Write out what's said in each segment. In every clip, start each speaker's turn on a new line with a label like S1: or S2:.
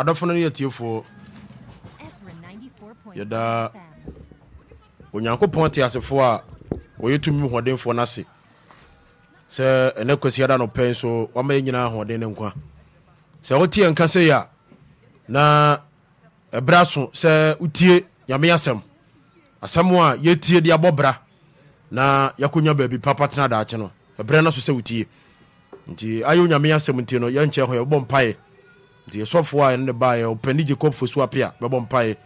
S1: adɔfo no no yɛ tiefoɔ yɛdaa onyankopɔn te asefoɔ a wɔyɛ tumi hoɔdenfoɔ no ase sɛ ɛnɛ kwasi no pɛn so wama yɛ nyinaa hoɔden ne nkwa sɛ wotie nka sɛi a na ɛberɛ so sɛ wotie nyame asɛm asɛm a yɛtie de abɔ bra na yɛkɔnya baabi papa tena daakye no ɛberɛ no so sɛ wotie nti ayɛ onyame asɛm nti no yɛnkyɛ ho yɛbɔ mpaeɛ nti yɛsɔfoɔ a ɛno ne baeɛ ɔpɛne jacob fosu ape a bɛbɔ mpaeɛ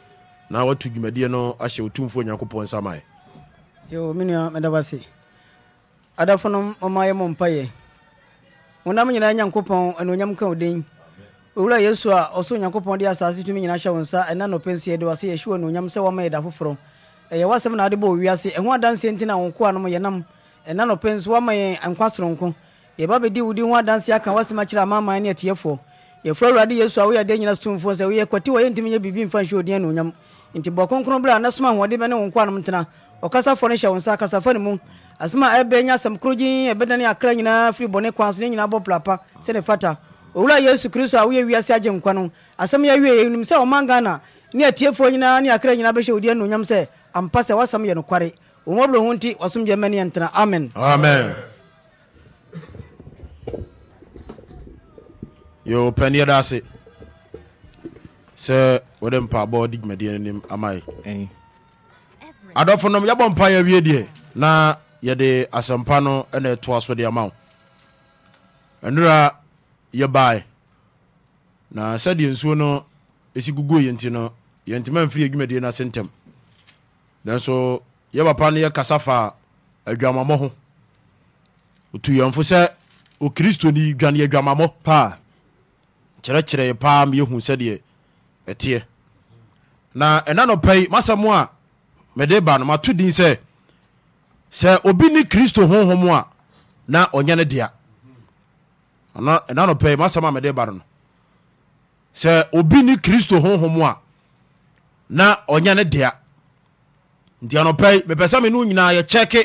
S1: na watu dwumadeɛ no ahyɛ ɔtumfoɔ onyankopɔn nsa maɛ
S2: me nua medaba se adafo no ɔma yɛ mɔ mpayɛ wonam nyinaa nyankopɔn anuonyam ka wo den owura yesu a ɔso onyankopɔn de asase tumi nyinaa hyɛ wo nsa ɛna nɔpɛ nsi de wase yɛhyiw anuonyam sɛ woama yɛda foforɔ ɛyɛ w'asɛm na wode bɔ owiase ɛho adanseɛ nti na wo nkoa nom yɛnam ɛna nɔpɛ nso woama yɛn nkwa soronko yɛba bɛdi wodi ho adanseɛ aka w'asɛm akyerɛ amaman ne atuɛfoɔ yɛfrɛ awurade yesu a woyɛ adeɛ nyina sotomfoɔ sɛ woyɛ kwati wɔ yɛntimi nyɛ biribi mfa nhyɛ odiɛ no onyam nti bɔ kronkron berɛ a na soma ahoɔden bɛne wo nkoanom ntena ɔkasafoɔ no hyɛ wo nsa akasafa ne mu asɛm a ɛbɛ nya asɛm koro gyen ɛbɛdane akra nyinaa firi bɔne kwan so ne nyinaa bɔ plapa sɛne fata owura yesu kristo a woyɛ wiase agye nkwa no asɛm yɛ awie nim sɛ ɔman ghana ne atiefoɔ nyinaa ne akra nyinaa bɛhyɛ odiɛ no onyam sɛ ampa sɛ woasɛm yɛ nokware ɔmmɔborɔ ho nti wasomgyɛ mɛneɛ ntena amen amen
S1: yo panneɛ da ase sɛ wode mpaabɔ de dwumadeɛ no nim ama yi adɔfo nom yɛbɔ mpa yɛawie deɛ na yɛde asɛmpa no ɛna ɛtoa so de ama wo ɛnora yɛbae na sɛdeɛ nsuo no ɛsi guguo yɛ nti no yɛntima mfiri adwumadeɛ no ase ntɛm nanso yɛba pa no yɛkasa fa adwamammɔ ho ɔtu yɛmfo sɛ okristoni dwane adwamammɔ paa kyerɛkyerɛɛ paa meyɛhu sɛdeɛ ɛteɛ na ɛna nɔpɛ yi masɛm a mede ba no mato din sɛ sɛ obi ne kristo honhom a na ɔnyɛ no dea ɛna nɔpɛ yi masɛm a mede ba no no sɛ obi ne kristo honhom a na ɔnyɛ no dea nti anɔpɛ yi mepɛ sɛ me no nyinaa yɛkyɛke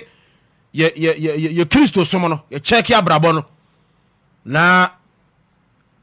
S1: yɛ kristo som no yɛkyɛke abrabɔ no na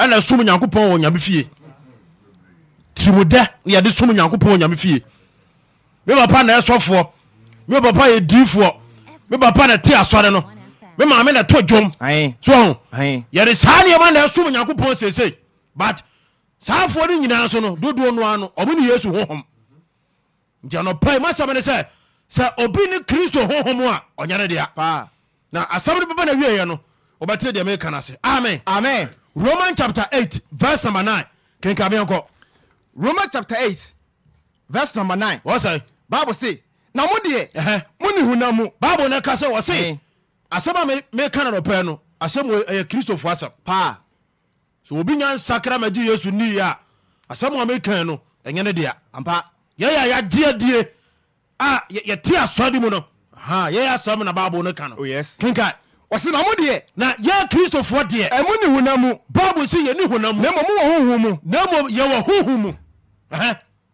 S3: ɛna som nyankopɔn wɔ nyame fie tirimu dɛ na yɛde som nyankopɔn wɔ nyame fie me papa na ɛsɔfoɔ me papa yɛ diifoɔ me papa na te asɔre no me maame na to dwom so yɛde saa nneɛma na ɛsom nyankopɔn seesei but saa afoɔ no nyinaa so no dodoɔ no no ɔmo ne yesu honhom nti anɔpai masɛm ne sɛ sɛ obi ne kristo honhom a ɔnyɛ ne dea na asɛm no bɛba na wieɛ no wɔbɛtee deɛ meka no ase amen amen roman chapter eight verse number nine. 9 kenkameɛ nkɔ roman chapter eight verse number nine. 9 wɔsɛ bible se na mo deɛ mo ne huna mu bible no ka sɛ wɔse asɛm a meka na nɔpɛɛ no asɛm ɛyɛ eh, kristofoɔ asɛm paa so obi nya nsakra magye yesu nii a asɛm a meka no ɛnyɛ ne dea ampa yɛyɛ a yɛagyeɛ die a yɛte asɔde mu no yɛyɛ asɛm na bible no ka no oh, kenkae ɔsɛ na mo deɛ na yɛ kristofoɔ deɛ ɛmo ne honam mu bible sɛ yɛne honam mu na mmom mowɔ honhom mu na mmom yɛwɔ honhom mu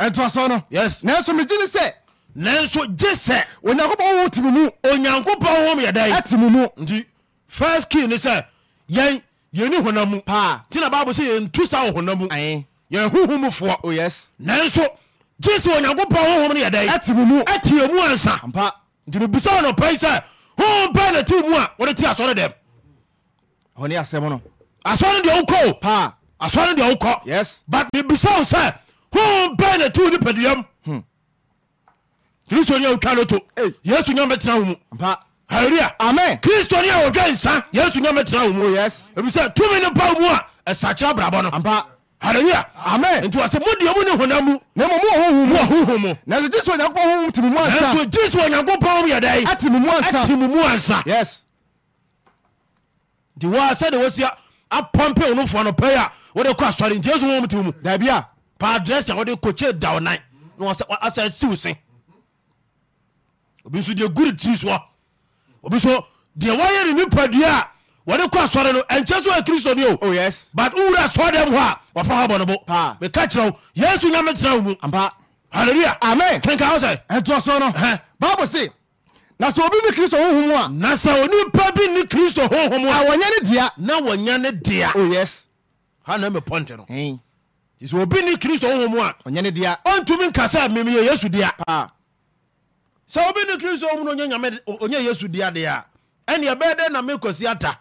S3: ɛntoaso no yes nanso megye ne sɛ nanso gye sɛ onyankopɔn wo timi mu onyankopɔn wom yɛdɛn ɛtimi mu nti first key ne sɛ yɛn yɛne honam mu paa nti na bible sɛ yɛntu saa wɔ honam mu yɛn honhom mufoɔ oh yes nanso gye sɛ onyankopɔn honhom no yɛdɛn ɛtimi mu ɛtie mu ansa nti mebisa wɔ nɔpɛi sɛ ho bɛɛ na tiw mu a wode te asɔre dɛm ɔne asɛm no asɔre deɛ wokɔ paa asɔre deɛ wokɔ yes but mebisa wo sɛ ho bɛɛ na tiw ne paduam hmm. kristo ni a wotwa loto yesu nyame tena wo mu hallelujah amen kristo ni a wɔdwa nsa yesu nyame tena wo mu oh, yes ebisɛ tumi ne ba wo mu a ɛsakyerɛ abrabɔ no hallelujah amen nti wɔsɛ mo deɛ mo ne honam mu na mmom wɔ honhom mu ɔhohom mu na sɛ gyesu onyankopɔn honhom te mu mu ansa nanso gyesu onyankopɔn mu yɛ dɛn ate mu mu ansa ate mu mu ansa yes nti wɔa sɛde wɔsi apɔmpe wo nofoɔ no pɛi a wode kɔ asɔre nti yesu honhom te mu daabi a paadrɛs a wode kɔkyɛ da wo nan na asɛ siw wɔde kɔ asɔre no ɛnkyɛ sɛ ɔyɛ kristo ni o oh, yes but wowura asɔre dɛm hɔ a wɔfa hɔ bɔne bo meka kyerɛ wo yesu nyame tena wo mu ampa halleluya amen kenka wo sɛ ɛtoa so no bible se na sɛ obi ne kristo honhom a na sɛ onipa bi ne kristo honhom a wɔnyɛ ne dea na wɔnyɛ ne dea Oh yes hana me pɔnte no nti sɛ obi ne kristo honhom a ɔnyɛ ne dea ɔntumi nka sɛ memeyɛ yesu dea sɛ obi ne kristo honhom no ɔnyɛ yesu dea deɛ a ɛneɛ ɛbɛɛ dɛ na mekɔsi ata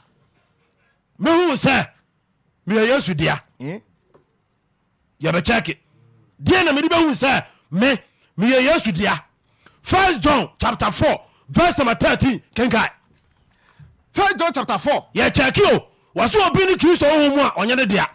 S3: mehu sɛ meyɛ yesu dea yɛbɛkyɛke deɛ na mede bɛhu sɛ me meyɛ yesu dea first john chapter 4 verse number 13 kenkae first john chapter 4 yɛkyɛke o wɔsɛ obi ne kristo honhom mu a ɔnyɛ ne dea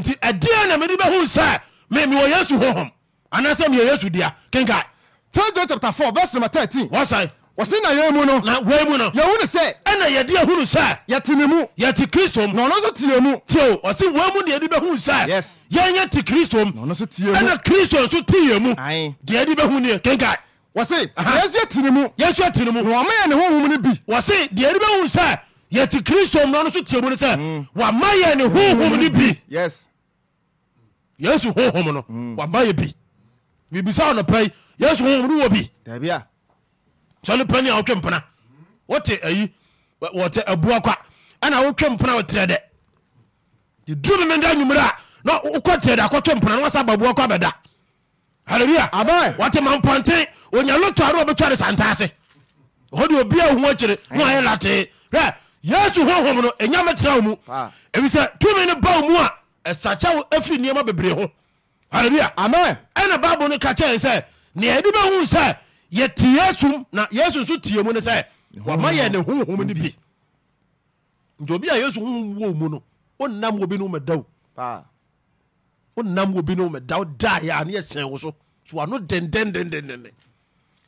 S3: nti ɛdeɛ na mede bɛhu sɛ me mewɔ yesu honhom anaasɛ meyɛ yesu dea kenkae first john chapter 4 verse number 13 wɔsae wɔse na yɛn mu no na wei mu no yɛhu ne sɛ ɛna yɛde ahunu sɛ yɛte ne mu yɛte kristo mu na ɔno nso te yɛ mu tio ɔse wei mu ne yɛde bɛhunu sɛ yɛnyɛ te kristo mu na ɔno nso te yɛ mu ɛna kristo nso te yɛ mu deɛ yɛde bɛhunu yɛ kenkae wɔse yɛsu ɛte ne mu yɛsu ɛte ne mu na wɔma yɛ ne honhom no bi wɔse di yɛde bɛhunu sɛ yɛte kristo mu na ɔno nso te mu no sɛ mm. wɔama yɛ ne honhom no bi yesu honhom no mm. wɔama yɛ bi bibisa ɔnɔpɛ yesu honhom no wɔ bi sɛne pani a wotwe mpena wote ayi wɔte abua kwa ɛna wotwe mpena wotrɛ dɛ duru me meda nwumere na wokɔ trɛ dɛ akɔtwe mpena na wasa babua kwa bɛda hallelujah amen wɔte mampɔnten onya loto aro ɔbɛtwa de santaase ɔhɔ obi a ohu akyire na ɔyɛ latee hwɛ yesu honhom no ɛnya mɛtena wo mu ɛfisɛ tumi no ba wo mu a ɛsakyɛ wo afiri nneɛma bebree ho hallelujah amen ɛna bible no ka kyɛn sɛ nea ɛde bɛhu sɛ yɛte yesu na yesu nso tie mu no sɛ wama yɛ ne honhom no bi nti obi a yesu honhom wɔ mu no wonnam wɔ bi no mɛda wo wonnam wɔ bi no mɛda wo daa yɛ a ne yɛsɛn wo so so wano dendendendendende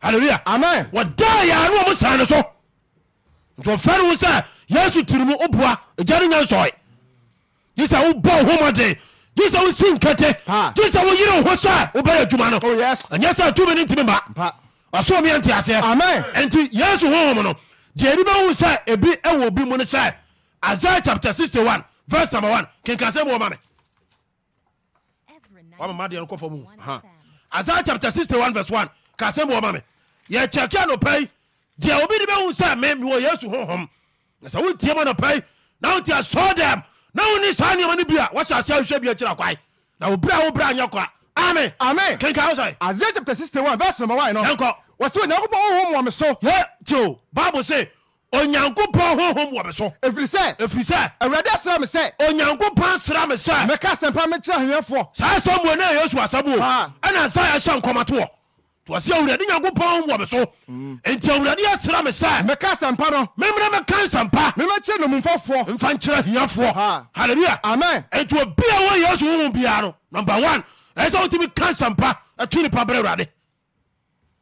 S3: halleluya amen wɔdaa yɛ a ne ɔmo sane so nti ɔfɛ no sɛ yesu tiri mu woboa agya no nya nsɔe gye sɛ wobɔ wo homɔden gye sɛ wosi nkete gye sɛ woyere wo ho sɛ wobɛyɛ adwuma oh, ɛnyɛ sɛ tumi no ntimi ma ɔsɛ obi ɛnte aseɛ amen nti yesu honhom no deɛ ɛni bɛhu sɛ ebi ɛwɔ obi mu no sɛ isaiah chapter 61, verse number one kenkan sɛ bɔ ma me wama ma deɛ no kɔfɔ mu isaiah chapter 61, verse one ka sɛ bɔ ma me yɛkyɛkɛ anɔpa yi deɛ obi de bɛhu sɛ me mewɔ yesu honhom sɛ wotie ma anɔpa yi na wonti asɔɔ dɛm na wone saa nneɛma no bi a wɔhyɛ aseɛ wohwɛ bi akyirɛ kwae na wobra wo bra nyɛ kwa amen amen kenkan wo sɛ isaiah chapter 61, verse number one no yɛnkɔ wɔsɛ onyankopɔn honhom wɔ me so yɛ tio bible sɛ onyankopɔn honhom wɔ me so ɛfiri sɛ ɛfiri sɛ awurade asra me sɛ onyankopɔn asra me sɛ mɛka asɛmpa mekyerɛ ahwehwɛfoɔ saa asɛm wɔ ne a yesu asɛm o ah. ɛna nsa yɛhyɛ nkɔmatoɔ wɔsi awurade nyankopɔn wɔ me so enti awurade asra me sɛ mɛka asɛmpa no memmerɛ mɛka nsɛmpa memɛkyerɛ nomumfɔfoɔ mfa nkyerɛ ahiafoɔ ah. halleluya amen enti obi a wɔ yesu honhom biara no number one ɛsɛ wotumi ka nsɛmpa ɛto nipa berɛ awurade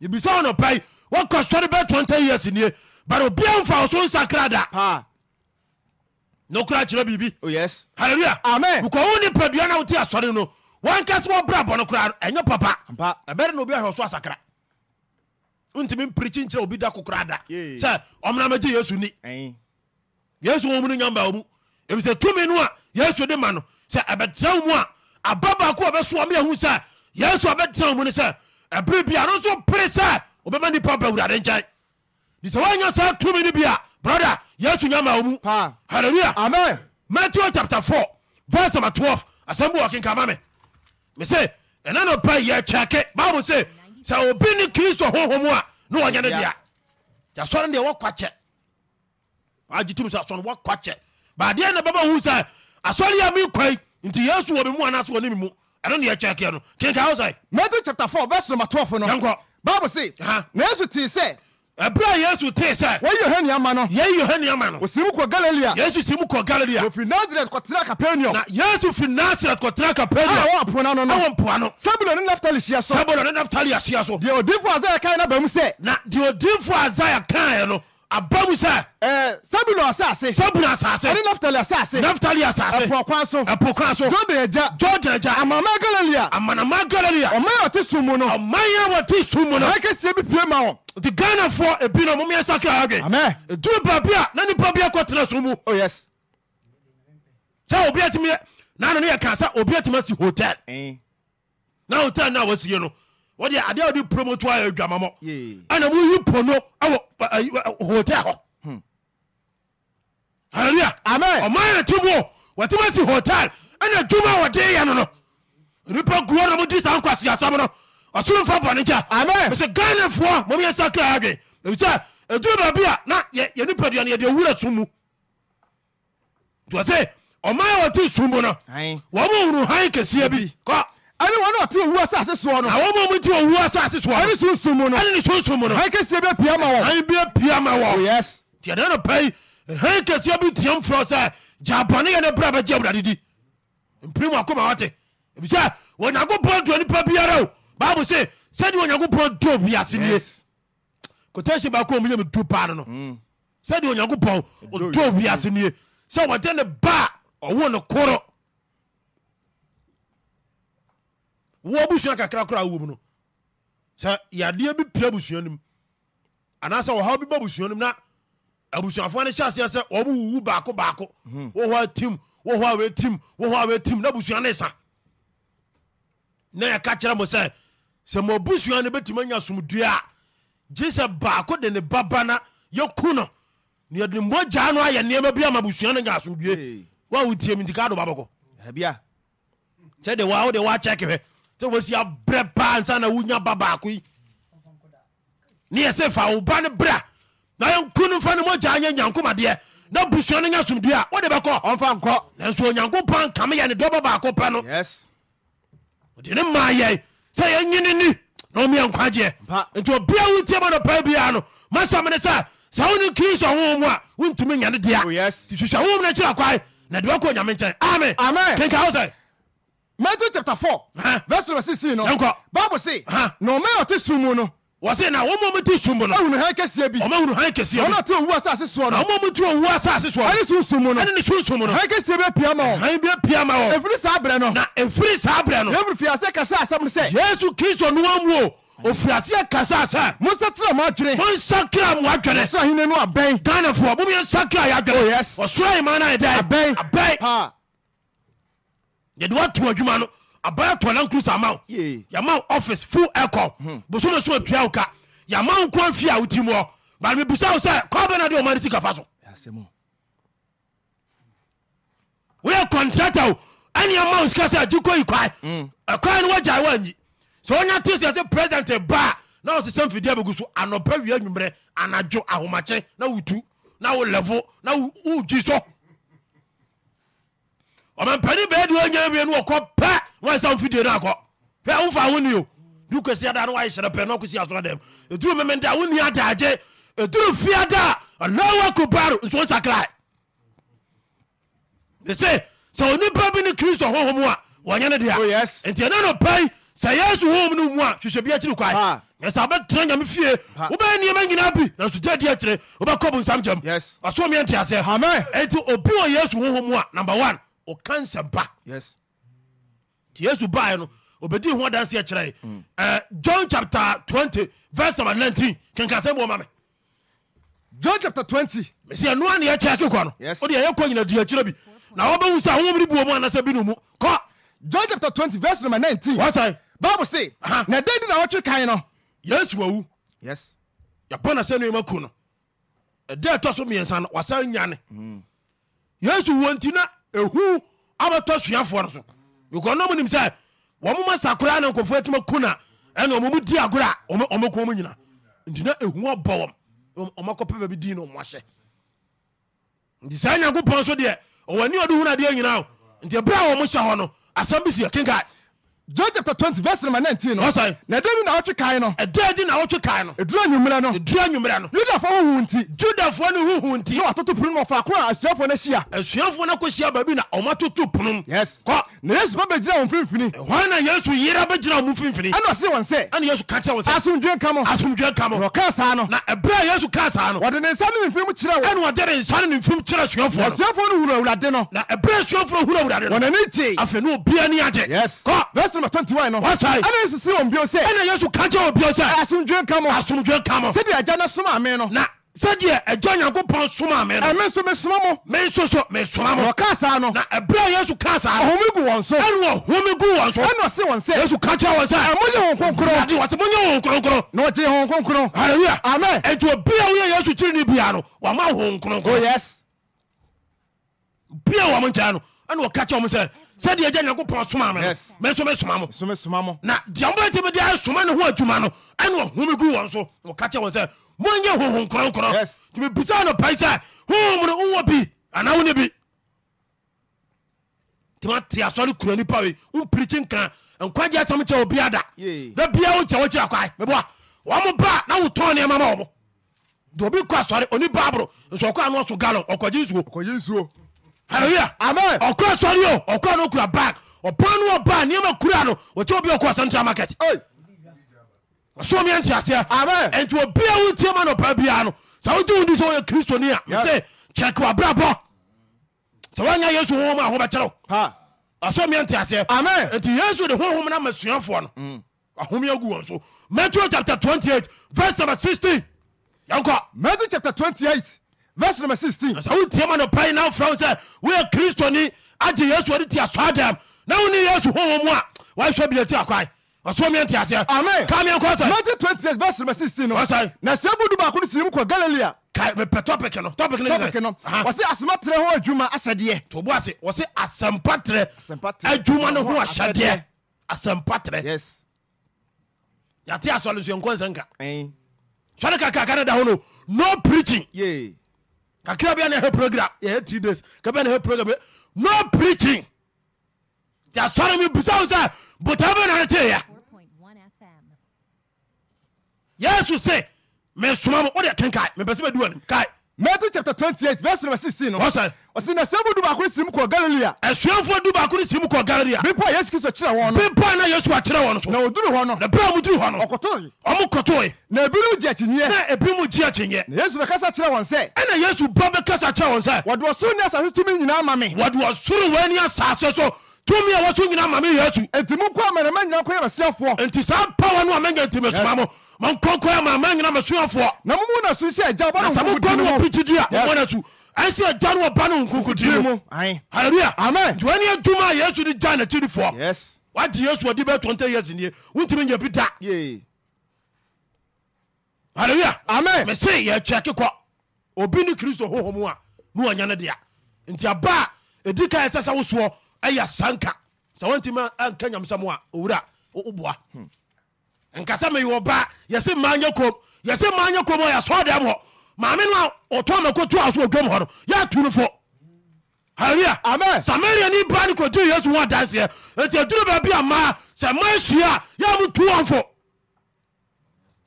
S3: ebisa nɔpai wɔkɔ sɔre bɛ tɔntɛ years nie but obia mfa wo so nsakra da na wokora kyerɛ biribi oh, halleluya wokɔwo ne padua na wote asɔre no wanka sɛ wɔbra bɔno koraa no ɛnyɛ papa ɛbɛre na obi ahwɛ so asakra wontimi mprikyi nkyerɛ obi da kokora da sɛ ɔmenamagye yesu ni yesu wɔ mu no nyamba wɔ mu ɛfisɛ tumi no a yesu de ma no sɛ ɛbɛtena wo mu a aba baako a ɔbɛsoa me ahu sɛ yesu ɔbɛtena wo mu no sɛ ɛbere eh, bia no nso pere sɛ wobɛma nipa ba awurade nkyɛn nti sɛ woanya saa tumi no bi a yesu nyama wo mu halleluya amen matthew chapter 4 verse number 12 asɛm bi wɔkenkama me me se ɛna no pa yɛkyɛke bible se sɛ obi ne kristo honhom a ne wɔnyɛ ne dea yɛsɔre deɛ wɔkwakyɛ agye tum sɛ asɔre wɔkwakyɛ baadeɛ na bɛbɛ hu sɛ asɔre a mekwai nti yesu wɔ me mu anaasɛ wɔ ne me mu ɛno ne yɛkyɛkeɛ no kenka wo sɛ matthew chapter 4 verse number 12 no yɛnkɔ bible se na yesu tee sɛ ɛberɛ a yesu tee sɛ wɔyi yohane ama no yɛyi yohane ama no ɔsim kɔ galilea yesu sim kɔ galilea ɔfiri nasaret kɔtena capernaum na yesu firi nasaret kɔtena capernaum ɛwɔ ah, mpoano no no ɛwɔ mpoano sabulon ne naftali hyia so sabulon ne naftali ahyia so deɛ odinfo asaia kae no ba mu sɛ na deɛ odinfo asaia kaeɛ no abamu sɛ. ɛɛ sabulon asase. sabulon asase. ɛni naftali asase. naftali asase. ɛpɔ kwan so. ɛpɔ kwan so. jɔn dɛrɛja. jɔn dɛrɛja. amanama galilea. amanama galilea. ɔman yɛ ɔti sun mun na. ɔman yɛ ɔti sun mun na. ɛkɛ se bi pie ma wɔn. nti ghana fɔ ebi na mo mi yɛ sakira yage. amen. duru baabi Nani na ni baabi akɔ tena sun mu. oh yes. sɛ obi ti mi yɛ n'anu ne yɛ kansa obi a ti ma si hotel. na hotel na wa si yɛ no wode adeɛ wode promoto ayɛ adwamamɔ ana woyi pono wɔ hotel hɔ hallelujah amen ɔma yɛ ti mu wɔtumi si hotel ɛna adwuma a wɔde yɛ no no nipa kuro na modi saa nkwasi asam no ɔsoro mfa bɔne nkyɛ amen mesɛ ghanafoɔ momyɛ sa kra adwen ɛfisɛ ɛduru baabi a na yɛ nipa dua no yɛde awura som mu nti ɔ sɛ ɔma yɛ wɔte som mu no wɔma wuru han kɛseɛ bi kɔ ɛne wɔn a ɔte owu asase soɔ no. àwọn ọmọ mi ti owu asase soɔ. ɛne sunsun mu no. ɛne sunsun mu no. hɛn kɛseɛ bɛ pia ma wɔn. hɛn bɛ pia ma wɔn. Oh, yes. tiɛ dɛ no pɛ yi hɛn kɛseɛ bi tiɛ nfurɔ sɛ jaabɔne yɛ ne bra bɛ jɛ wura didi mpirimu akoma wɔte ebisɛ onyankopɔn do nipa biara o baabu se sɛdeɛ onyankopɔn do wiase nie kotɛsi baako omi yɛ mi du paa no mm. sɛdeɛ onyankopɔn do wiase nie sɛ wɔde ne ba ɔwɔ ne koro. wo busua kakra kora wowɔ mu no sɛ yadeɛ bi pia abusua no mu anaasɛ wɔhaw bi ba abusua no na abusuafoɔ no hyɛ aseɛ sɛ ɔmo wuwu baako baako mhm. wohɔ atim wohɔ a wetim wohɔ a wetim na abusua no sa na yɛka kyerɛ mo sɛ sɛ mo abusua no bɛtumi anya somdua a gye sɛ baako de ne baba na yɛku no na yɛde mmɔgyaa no ayɛ nneɛma bi ama abusua no nya asomdue woa wotie m ntika ado babɔkɔ de wa wode woakyɛke hwɛ sɛ wɔsi abrɛ paa nsa na wonya ba baako yi ne yɛ sɛ fa wo ba no bra na yɛnku no mfa no mɔgya nyɛ nyankomadeɛ na busua no nya somdua wode bɛkɔ ɔmfa nkɔ nanso onyankopɔn nkame yɛ ne dɔbɔ baako pɛ no ɔde ne maa yɛn sɛ yɛnyene ni na ɔmeyɛ nkwagyeɛ nti obia wotie ma nɔpɛ biaa no masɛm ne sɛ sɛ wone kristo ho a wontumi nyane dea oh, hwehwɛ wom no akyira kwae na de wakɔ nyame nkyɛn amen kenka wo sɛ matthew chapter four verse number sixteen no nkɔ bible say na ɔmɛ ɔte sum mu no wɔsi na wɔn mu ti sum mu no ɔmu hɛn kɛseɛ bi ɔmu hɛn kɛseɛ bi ɔmu ti owu asase soɔ no ɔmu mu ti owu asase soɔ no ɛni sun sum mu no ɛni sun sum mu no hɛn kɛseɛ bɛ pia ma wɔ hɛn bɛ pia ma wɔ efiri saa abirɛ no na efiri saa abirɛ no efiri fiase kasa asɛm sɛ yesu kristo nuwamu o ofurase kasa asa. sɛ monsakira mo adwene sakira mo adwene sɛ ahene no fo ghanafoɔ mo yɛ nsakira yɛ adwene oh, ɔsoro ayima no ayɛ dɛ abɛn abɛn yɛde woato adwuma no abaya tɔla nkuru sa ma wo yɛma office full aircom hmm. bosome so atua wo ka yɛma nko amfie a wotim hɔ but mebusa wo sɛ kwa bɛna de ɔma ne sika fa so woyɛ contractor o ɛnea ma wo sika sɛ agye kɔyi kwae hmm. ɛkwae no wagyae woanyi sɛ wonya te sɛ sɛ president baa na wɔsesɛ mfidie bɛgu so anɔpa wia anwummerɛ anadwo ahomakye na wotu na wo levo na wogyi so ɔmampani bɛɛde ɔnya wie no wɔkɔ pɛ wɔn sɛ mfidie no akɔ hwɛ wofa wo nio dukɛsi ada no wayɛ hyerɛ pɛ na ɔkɔsi asɔ dɛm ɛduru memenda wo ni adagye ɛduru fia da a ɔlawa kubaro nso sakrae ne se sɛ onipa bi ne kristo honhom a wɔnyɛ ne dea oh, enti ɛna no pai sɛ yesu honhom no mu a hwehwɛ bi akyiri kwae yɛsɛ wobɛtena nyame fie wobɛyɛ nneɛma nyina bi nanso gya di akyerɛ wobɛkɔ bo nsam gyam ɔsoɔ miɛ nteaseɛ enti obi wɔ yesu honhom a number one ɔka Yes. nti yesu baɛ no obɛdi ho adanseɛ kyerɛ hmm. john chapter 20 verse number 19 kenka sɛ bɔma me john chapter 20 mesɛ ɛnoa ne yɛkyɛ kekɔ no wode ɛyɛ kɔ nyina duakyerɛ bi na wɔbɛhu sɛ ahomre buo mu anasɛ bi no kɔ john chapter 20 verse number 19 wasae bible se na da di na wɔtwe kan no yesu wawu yes yɛbɔ na sɛ noɛma ku no ɛda ɛtɔ so mmiɛnsa no wasan nyane hmm. yesu wɔ nti ehu abɛtɔ suafoɔ no so because na ɔmonim sɛ wɔmo masa koraa ne nkɔfoɔ atuma ku na ọmụmụ ɔmo mu di agorɔ a mu nyina na ehu ɔbɔ wɔm ɔmɔkɔ baabi din na ɔmoahyɛ nti saa nyankopɔn so deɛ ɔwɔ ani ɔde nti ɛberɛ a wɔ hyɛ si john chapter twenty verse number nineteen no. ɔsɛ. na ɛdɛ bi na ɔtwe kan no. ɛdɛ bi na ɔtwe kan no. edura enyimira no. edura enyimira no. yudafoɔ huhu nti. judafoɔ ni huhu nti. na watoto pono mu ɔfaako a asuafoɔ no ahyia. asuafoɔ no akɔhyia baabi na ɔmo atoto pono mu. yes kɔ na yesu ba bɛgyina wɔn mfimfini. ɛhɔn na yesu yera bɛgyina wɔn mfimfini. ɛna ɔsi wɔn sɛ. ɛna yesu ka kyerɛ wɔn sɛ. asomdwe nka mo. asomdwe nka mo. na ɔka saa no. na ɛbɛrɛ a yesu ka saa no. wɔde ne nsa ne ne nfin kyerɛ wɔn. ɛna wɔde ne nsa ne ne nfin kyerɛ suafoɔ no. suafoɔ no huru awurade no. na ɛbɛrɛ suafoɔ huru awurade no. wɔn ani gye. afɛ no. obiara ni agye. yes kɔ. verse number twenty one no. wasa yi. ɛna yesu si wɔn bio sɛ. ɛna yesu ka kyerɛ wɔn bio sɛ. asomdwe nka mo. asomdwe nka mo. sɛdeɛ agya no soma ame no. na sɛdeɛ ɛgya nyankopɔn soma me no ɛme nso mesoma mo me nso so mesoma mo ɔka saa no na ɛberɛ a yesu ka saa no ɔhome gu wɔn so ɛne ɔhome gu wɔn so ɛne ɔse wɔn sɛ yesu ka kyerɛ wɔn sɛ ɛmoyɛ wɔn kronkron ade wɔ sɛ monyɛ wɔn kronkron na ɔgye wɔn kronkron halleluya amen ɛnti obi a woyɛ yesu kyiri ne bia no wama wɔn kronkron oh yes bia wɔ mo nkyɛn no ɛne ɔka kyerɛ wɔn sɛ sɛdeɛ ɛgya nyankopɔn soma me no me nso mesoma mo na deɛ mobɛtimi de asoma ne ho adwuma no ɛne ɔhome gu wɔn so ɔka kyerɛ wɔn monyɛ hoho nkorɔnkorɔ nti mebisa no pai sɛ hohom no wowɔ bi anaa wone bi ntima te asɔre kura nipa wei wompirikyi nka nkwagye asɛm kyɛ obia da na bia wokyɛ wokyi akwae meboa wɔmo ba na wotɔn nneɛma ma wɔmo nti obi kɔ asɔre oni baaboro nso ɔkɔ ano ɔso galon ɔkɔgye nsuo hallelujah amen ɔkɔ asɔre o ɔkɔ ano okura bag ɔpɔn no wɔ bag nneɛma kura no wɔkyɛ obi ɔkɔ asɛntra market ɔsoomi antiaseɛ amen nti obiara wo tie ma nɔpa biara no sɛ wogye wo di sɛ woyɛ kristoni a mese kyɛke wabrabɔ sɛ woanya yesu honhom a hobɛkyerɛ wo ɔsoomi antiaseɛ amen nti yesu de honhom no amasuafoɔ mm. no ahome agu wɔn so matthew chapter twenty-eight, verse number 16 yɛnkɔ matthew chapter twenty-eight, verse number sixteen. 16 sɛ wotie ma nɔpa yi na wofrɛ wo sɛ woyɛ kristoni agye yesu ade ti asɔa dɛm na wo ne yesu honhom a woahwɛ biati akwae ɔsɔmiɛ nti aseɛ. amen kaamiɛ nkɔ sɛ. matthew twenty eight verse number sixteen no. ɔsɛ. na sebudu baako ni sinimu kɔ galilea. ka mepɛ topic no topic no topic no wɔsi asɛmpaterɛ ho adwuma ahyɛdeɛ. to bu ase wɔsi asɛmpaterɛ adwuma no ho ahyɛdeɛ asɛmpaterɛ. yes. yàtí asɔle nso yɛn nkɔ nsɛn kan. sɔle kaka kan da ho no no preaching. yee. kakra bi a na ɛhɛ program ɛhɛ three days kakra bi a na ɛhɛ program no preaching. yasɔre mi bisawo sɛ butabe na ne te yɛ yesu se mesoma mo wode kenkae mepɛ sɛ bɛdu anim kae matthew chapter twenty eight verse number sixteen. wọ́n sẹ́. ọ̀sìn na sẹ́mu dùbà kúrẹ́ sìnmu kọ̀ galilea. ẹ̀sùnfọ́ dùbà kúrẹ́ sìnmu kọ̀ galilea. bípa yesu kristu kyerɛ wọn. bípa náà yesu akyerɛ wọn so. na o duru hɔ no. na bípa mu duru hɔ no. ɔkɔtɔ yi. ɔmu kɔtɔ yi. na ebi mu jẹ akyinyɛ. na ebi mu jẹ akyinyɛ. na yesu bɛ kasa kyerɛ wọn sɛ. ɛna yesu ba bɛ kasa kyerɛ wọn sɛ. wɔde ɔsoro ni asase tumi nyinaa ma mi. wɔde ɔsoro wɔ ni asase so tumi a wɔso nyinaa ma mi yesu. enti mu kɔ amẹnɛmɛ nyinaa kɔ yɛ enti saa pawa nu amɛnyɛ ntumi suma mɔnkɔnkɔ ma ma nyina masuafoɔ na momu na so sɛ agya na sabu mokɔ ne wɔpikyi di a mɔmɔ na su ɛnsɛ agya ne wɔba no nkonkodi mu halleluya amen nti yesu adwuma a yesu de gya n'akyidifoɔ wagye yesu ɔde bɛ 20 years nie wontumi nya bi da Hallelujah. amen mese yɛkyɛke kɔ obi ne kristo hoho mu a ne wɔnya no dea nti aba a ɛdi ka ɛsɛ sɛ wosoɔ ɛyɛ sanka sɛ wontimi anka nyamsɛm a owura woboa hmm nkasa meyewɔ ba yɛse ma nyɛ kom yɛse ma nyɛ kom a yɛsɔ dɛm hɔ maame no a ɔtɔ mako to a so odwam hɔ no yɛatu no fo Hallelujah. amen samaria ni ba ni kogye yesu ho adanseɛ enti aduru baabi a maa sɛ ma ahyia a yɛ mo tu wɔn fo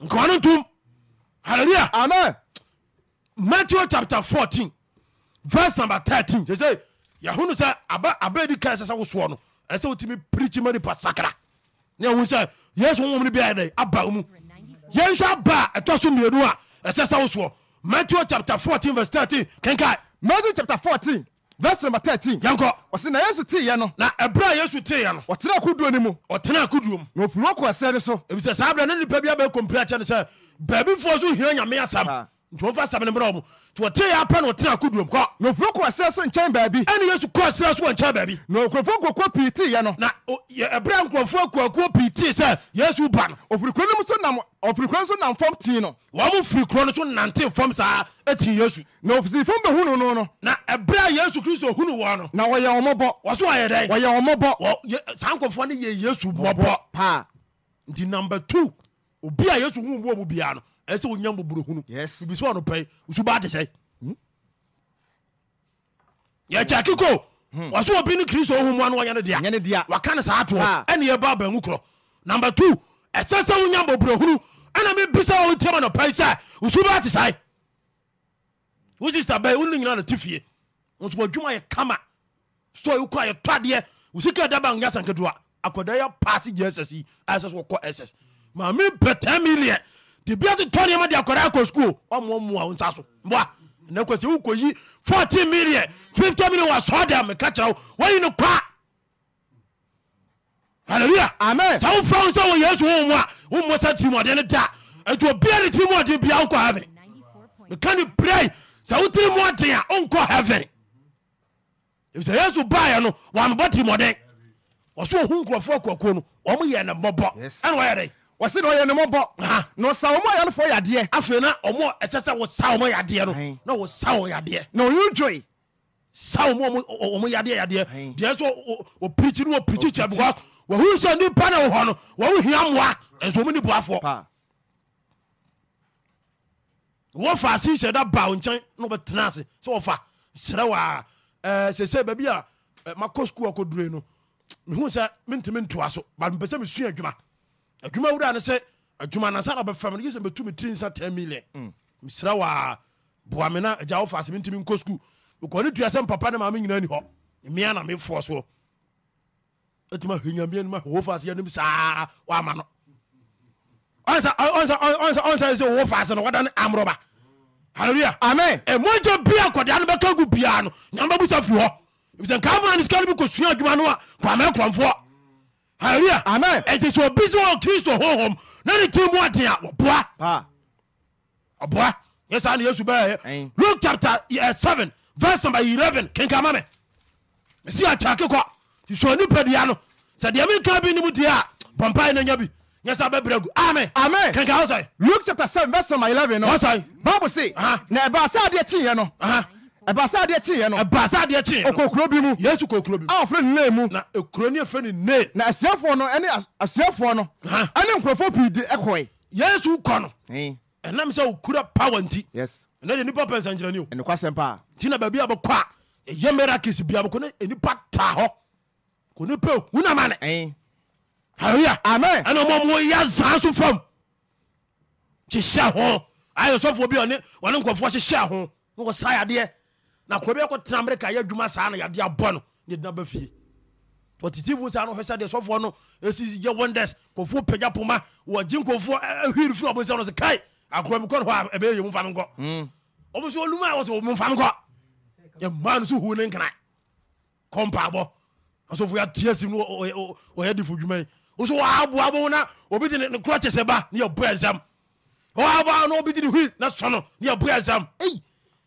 S3: nkawa no ntom Hallelujah. amen matthew chapter fourteen, verse number thirteen. 13 sɛ sɛ yɛhono sɛ aba aba di ka ɛsɛ sɛ wosoɔ no ɛsɛ wotumi pirikyi ma nipa sakra ne ɛwu sɛ yesu honhom no biayɛ dɛ aba mu yɛnhwɛ aba a ɛtɔ so mmienu a ɛsɛ sɛ wo soɔ matthew chapter fourteen, verse 13 kenkae matthew chapter 14 verse number 13 yɛnkɔ ɔsɛ na yesu teeɛ no na ɛberɛ a yesu teeɛ no ɔtena koduo no mu ɔtena koduo mu na ɔpiri ɔkɔ ɛsɛ no so ɛfisɛ saa berɛ ne nipa bi abɛkɔmpiri akyɛ no sɛ baabifoɔ so hia nyame asɛm nti wɔmfa asɛm no mmerɛ mu nti wɔte yɛ apɛ na wɔtena akoduom kɔ na ofuro kɔ serɛ so nkyɛn baabi ɛne yesu kɔ serɛ so wɔ nkyɛn baabi na nkurɔfoɔ nkuakuo pii teeɛ no na ɛberɛ nkurɔfoɔ akuakuo pii tee sɛ yesu ba no ɔfirikuro no mu so nam ɔfirikuro nso nam fam tii no wɔn mo firikuro no so nante fam saa ɛti yesu na ofisifam bɛhunu no no na ɛberɛ a yesu kristo hunu wɔn no na wɔyɛ wɔn bɔ wɔ so wɔyɛ dɛn wɔyɛ wɔn bɔ saa nkurɔfoɔ no yɛ yesu bɔbɔ paa nti number two obi a yesu hu wɔ mu biara no ɛsɛ wonya boburo hunu obi sɛ ɔno pɛi wosuba ate sɛ hmm? yɛkyɛ kiko ɔsɛ hmm. obi ne kristo homoa no ɔyɛ no dea waka ne saa toɔ ɛne yɛba baamu korɔ number two ɛsɛ sɛ wonya boburo hunu ɛna mebisa wo ntiama no pɛi sɛ wosuba ate sae wo sister bɛi wone nyina no te fie nso wadwuma yɛ kama store yi kɔ a yɛtɔ adeɛ wosika daba nyɛ sankadoa akwadaa yɛ paase gye ss yi ayɛ sɛ so wɔkɔ ss maame pɛ 10 million debia te tɔ nneɛma de akɔda akɔ skuo ɔmoamoa wo nsa so mboa ɛnɛ kɔ sɛ wokɔyi 14 million 50 million wɔ sɔɔ da meka kyerɛ wo wayi no kwa Hallelujah. amen sɛ wofra wo sɛ wɔ yesu wo mu a wommɔ sa tirimɔden no da ɛnti obia ne tirimɔden bia wonkɔ heaven meka ne brɛi sɛ wo tirimɔden a wonkɔ heaven ɛfisɛ yesu baeɛ no wɔamebɔ tirimɔden ɔso ɔhu nkurɔfoɔ akuakuo no ɔmo yɛ ne mmɔbɔ ɛne wɔyɛ dɛn wɔsi na ɔyɛ ne mɔbɔ na ɔsa wɔn ayɛlifɔ yadeɛ. afei na ɔmo ɛsɛ sɛ wɔsa wɔn yadeɛ no na wɔsa wɔn yadeɛ. na ɔyɛ njoyi. sa wɔn wɔn yadeɛ yadeɛ deɛ nso ɔpirikyi no ɔpirikyi kyɛ because wɔhu sɛ nipa na wɔhɔ no wɔhu hia mmoa nso wɔn ni buafoɔ. wɔn fa ase hyɛ da ba wɔn nkyɛn na ɔbɛ tena ase sɛ wɔfa srɛ wa ɛɛ eh, sese baabi a eh, makɔ sukuu akɔ duro yi no mihu sɛ mintimi ntoa so ba mpɛ mi misua adwuma adwuma wura ne sɛ adwuma nansa na bɛfam no yɛ sɛ bɛtu me tiri nsa 10 million mm. mesrɛ waa boa me na agya wo faase mentimi nkɔ skul bikɔ ne dua sɛ mpapa ne maame nyina ni hɔ mmea na mefoɔ soɔ ɛtumi ahwenyamea nom ahwo faase yɛnom saa waama no ɔnsa sɛ wo faase no wɔda ne amrɔba halleluya amen mogya bia kɔdaa no bɛka gu biaa no nyame bɛbusa firi hɔ ɛfisɛ nkaa mra ne sika no bi kɔsua adwuma no a kwamɛ kurɔmfoɔ amen ɛnti sɛ obi sɛ wɔ kristo honhom na ne tim mu aden a wɔboa ɔboa yɛ saa ne yesu bɛɛyɛ luke chapter 7 eh, verse number 11 kenkama me mesi akyake kɔ sɛ nipadua no sɛ deɛ menka bi nom deɛ a bɔmpae no nya bi nyɛ sɛ bɛbrɛ gu amen amen kenka wo sɛ luke chapter 7 verse number 11 no what say bible say na ɛbaa sɛ adeɛ kyeeɛ no ɛbasa adeɛ kyeeɛ no ɛbasa adeɛ kyeeɛ no okokuro bi mu yesu kokuro bi mu a ɔfrɛ ne mu na ekuro ne efrɛ ne ne na asiafoɔ no ɛne asiafoɔ no ɛne nkurɔfoɔ pii de ɛkɔɛ yesu kɔ no ɛnam sɛ okura power nti yes ɛnɛ de nipa pɛ nsɛnkyerɛni o ɛnukwa sɛm paa ti na baabi a bɛ kɔ a ɛyɛ miracles bi a bɛ kɔ ne nipa taa hɔ kò ní pɛ hunama ne hallelujah amen ɛnna ɔmo ɔmo yɛ zan so fam hyehyɛ ho ayɛ sɔfoɔ bi ɔne ɔne nkɔfoɔ hyehyɛ ho wɔn sa yadeɛ na kɔ bɛkɔ tena amerika yɛ adwuma saa na yɛde abɔ no ne dena ba fie ɔtitifu saa no hwɛ sɛdeɛ sɔfoɔ no ɛsi yɛ wonders kɔfoɔ pagya poma wɔgye nkɔfoɔ ahwiri fi ɔbonsɛ no sɛ kae akorɔ mekɔ no hɔ a ɛbɛyɛ yɛmu fa menkɔ ɔmo sɛ ɔnum a wɔ sɛ ɔmu fa menkɔ ɛmaa no so hu ne nkena kɔmpaabɔ asɔfoɔ yɛatua sim no ɔyɛ difo dwuma yi wo so wɔaboa bo na obi de ne korɔ kye sɛ ba ne yɛboa nsɛm wɔaboa no obi de ne hui na sɔ no ne yɛboa nsɛm ei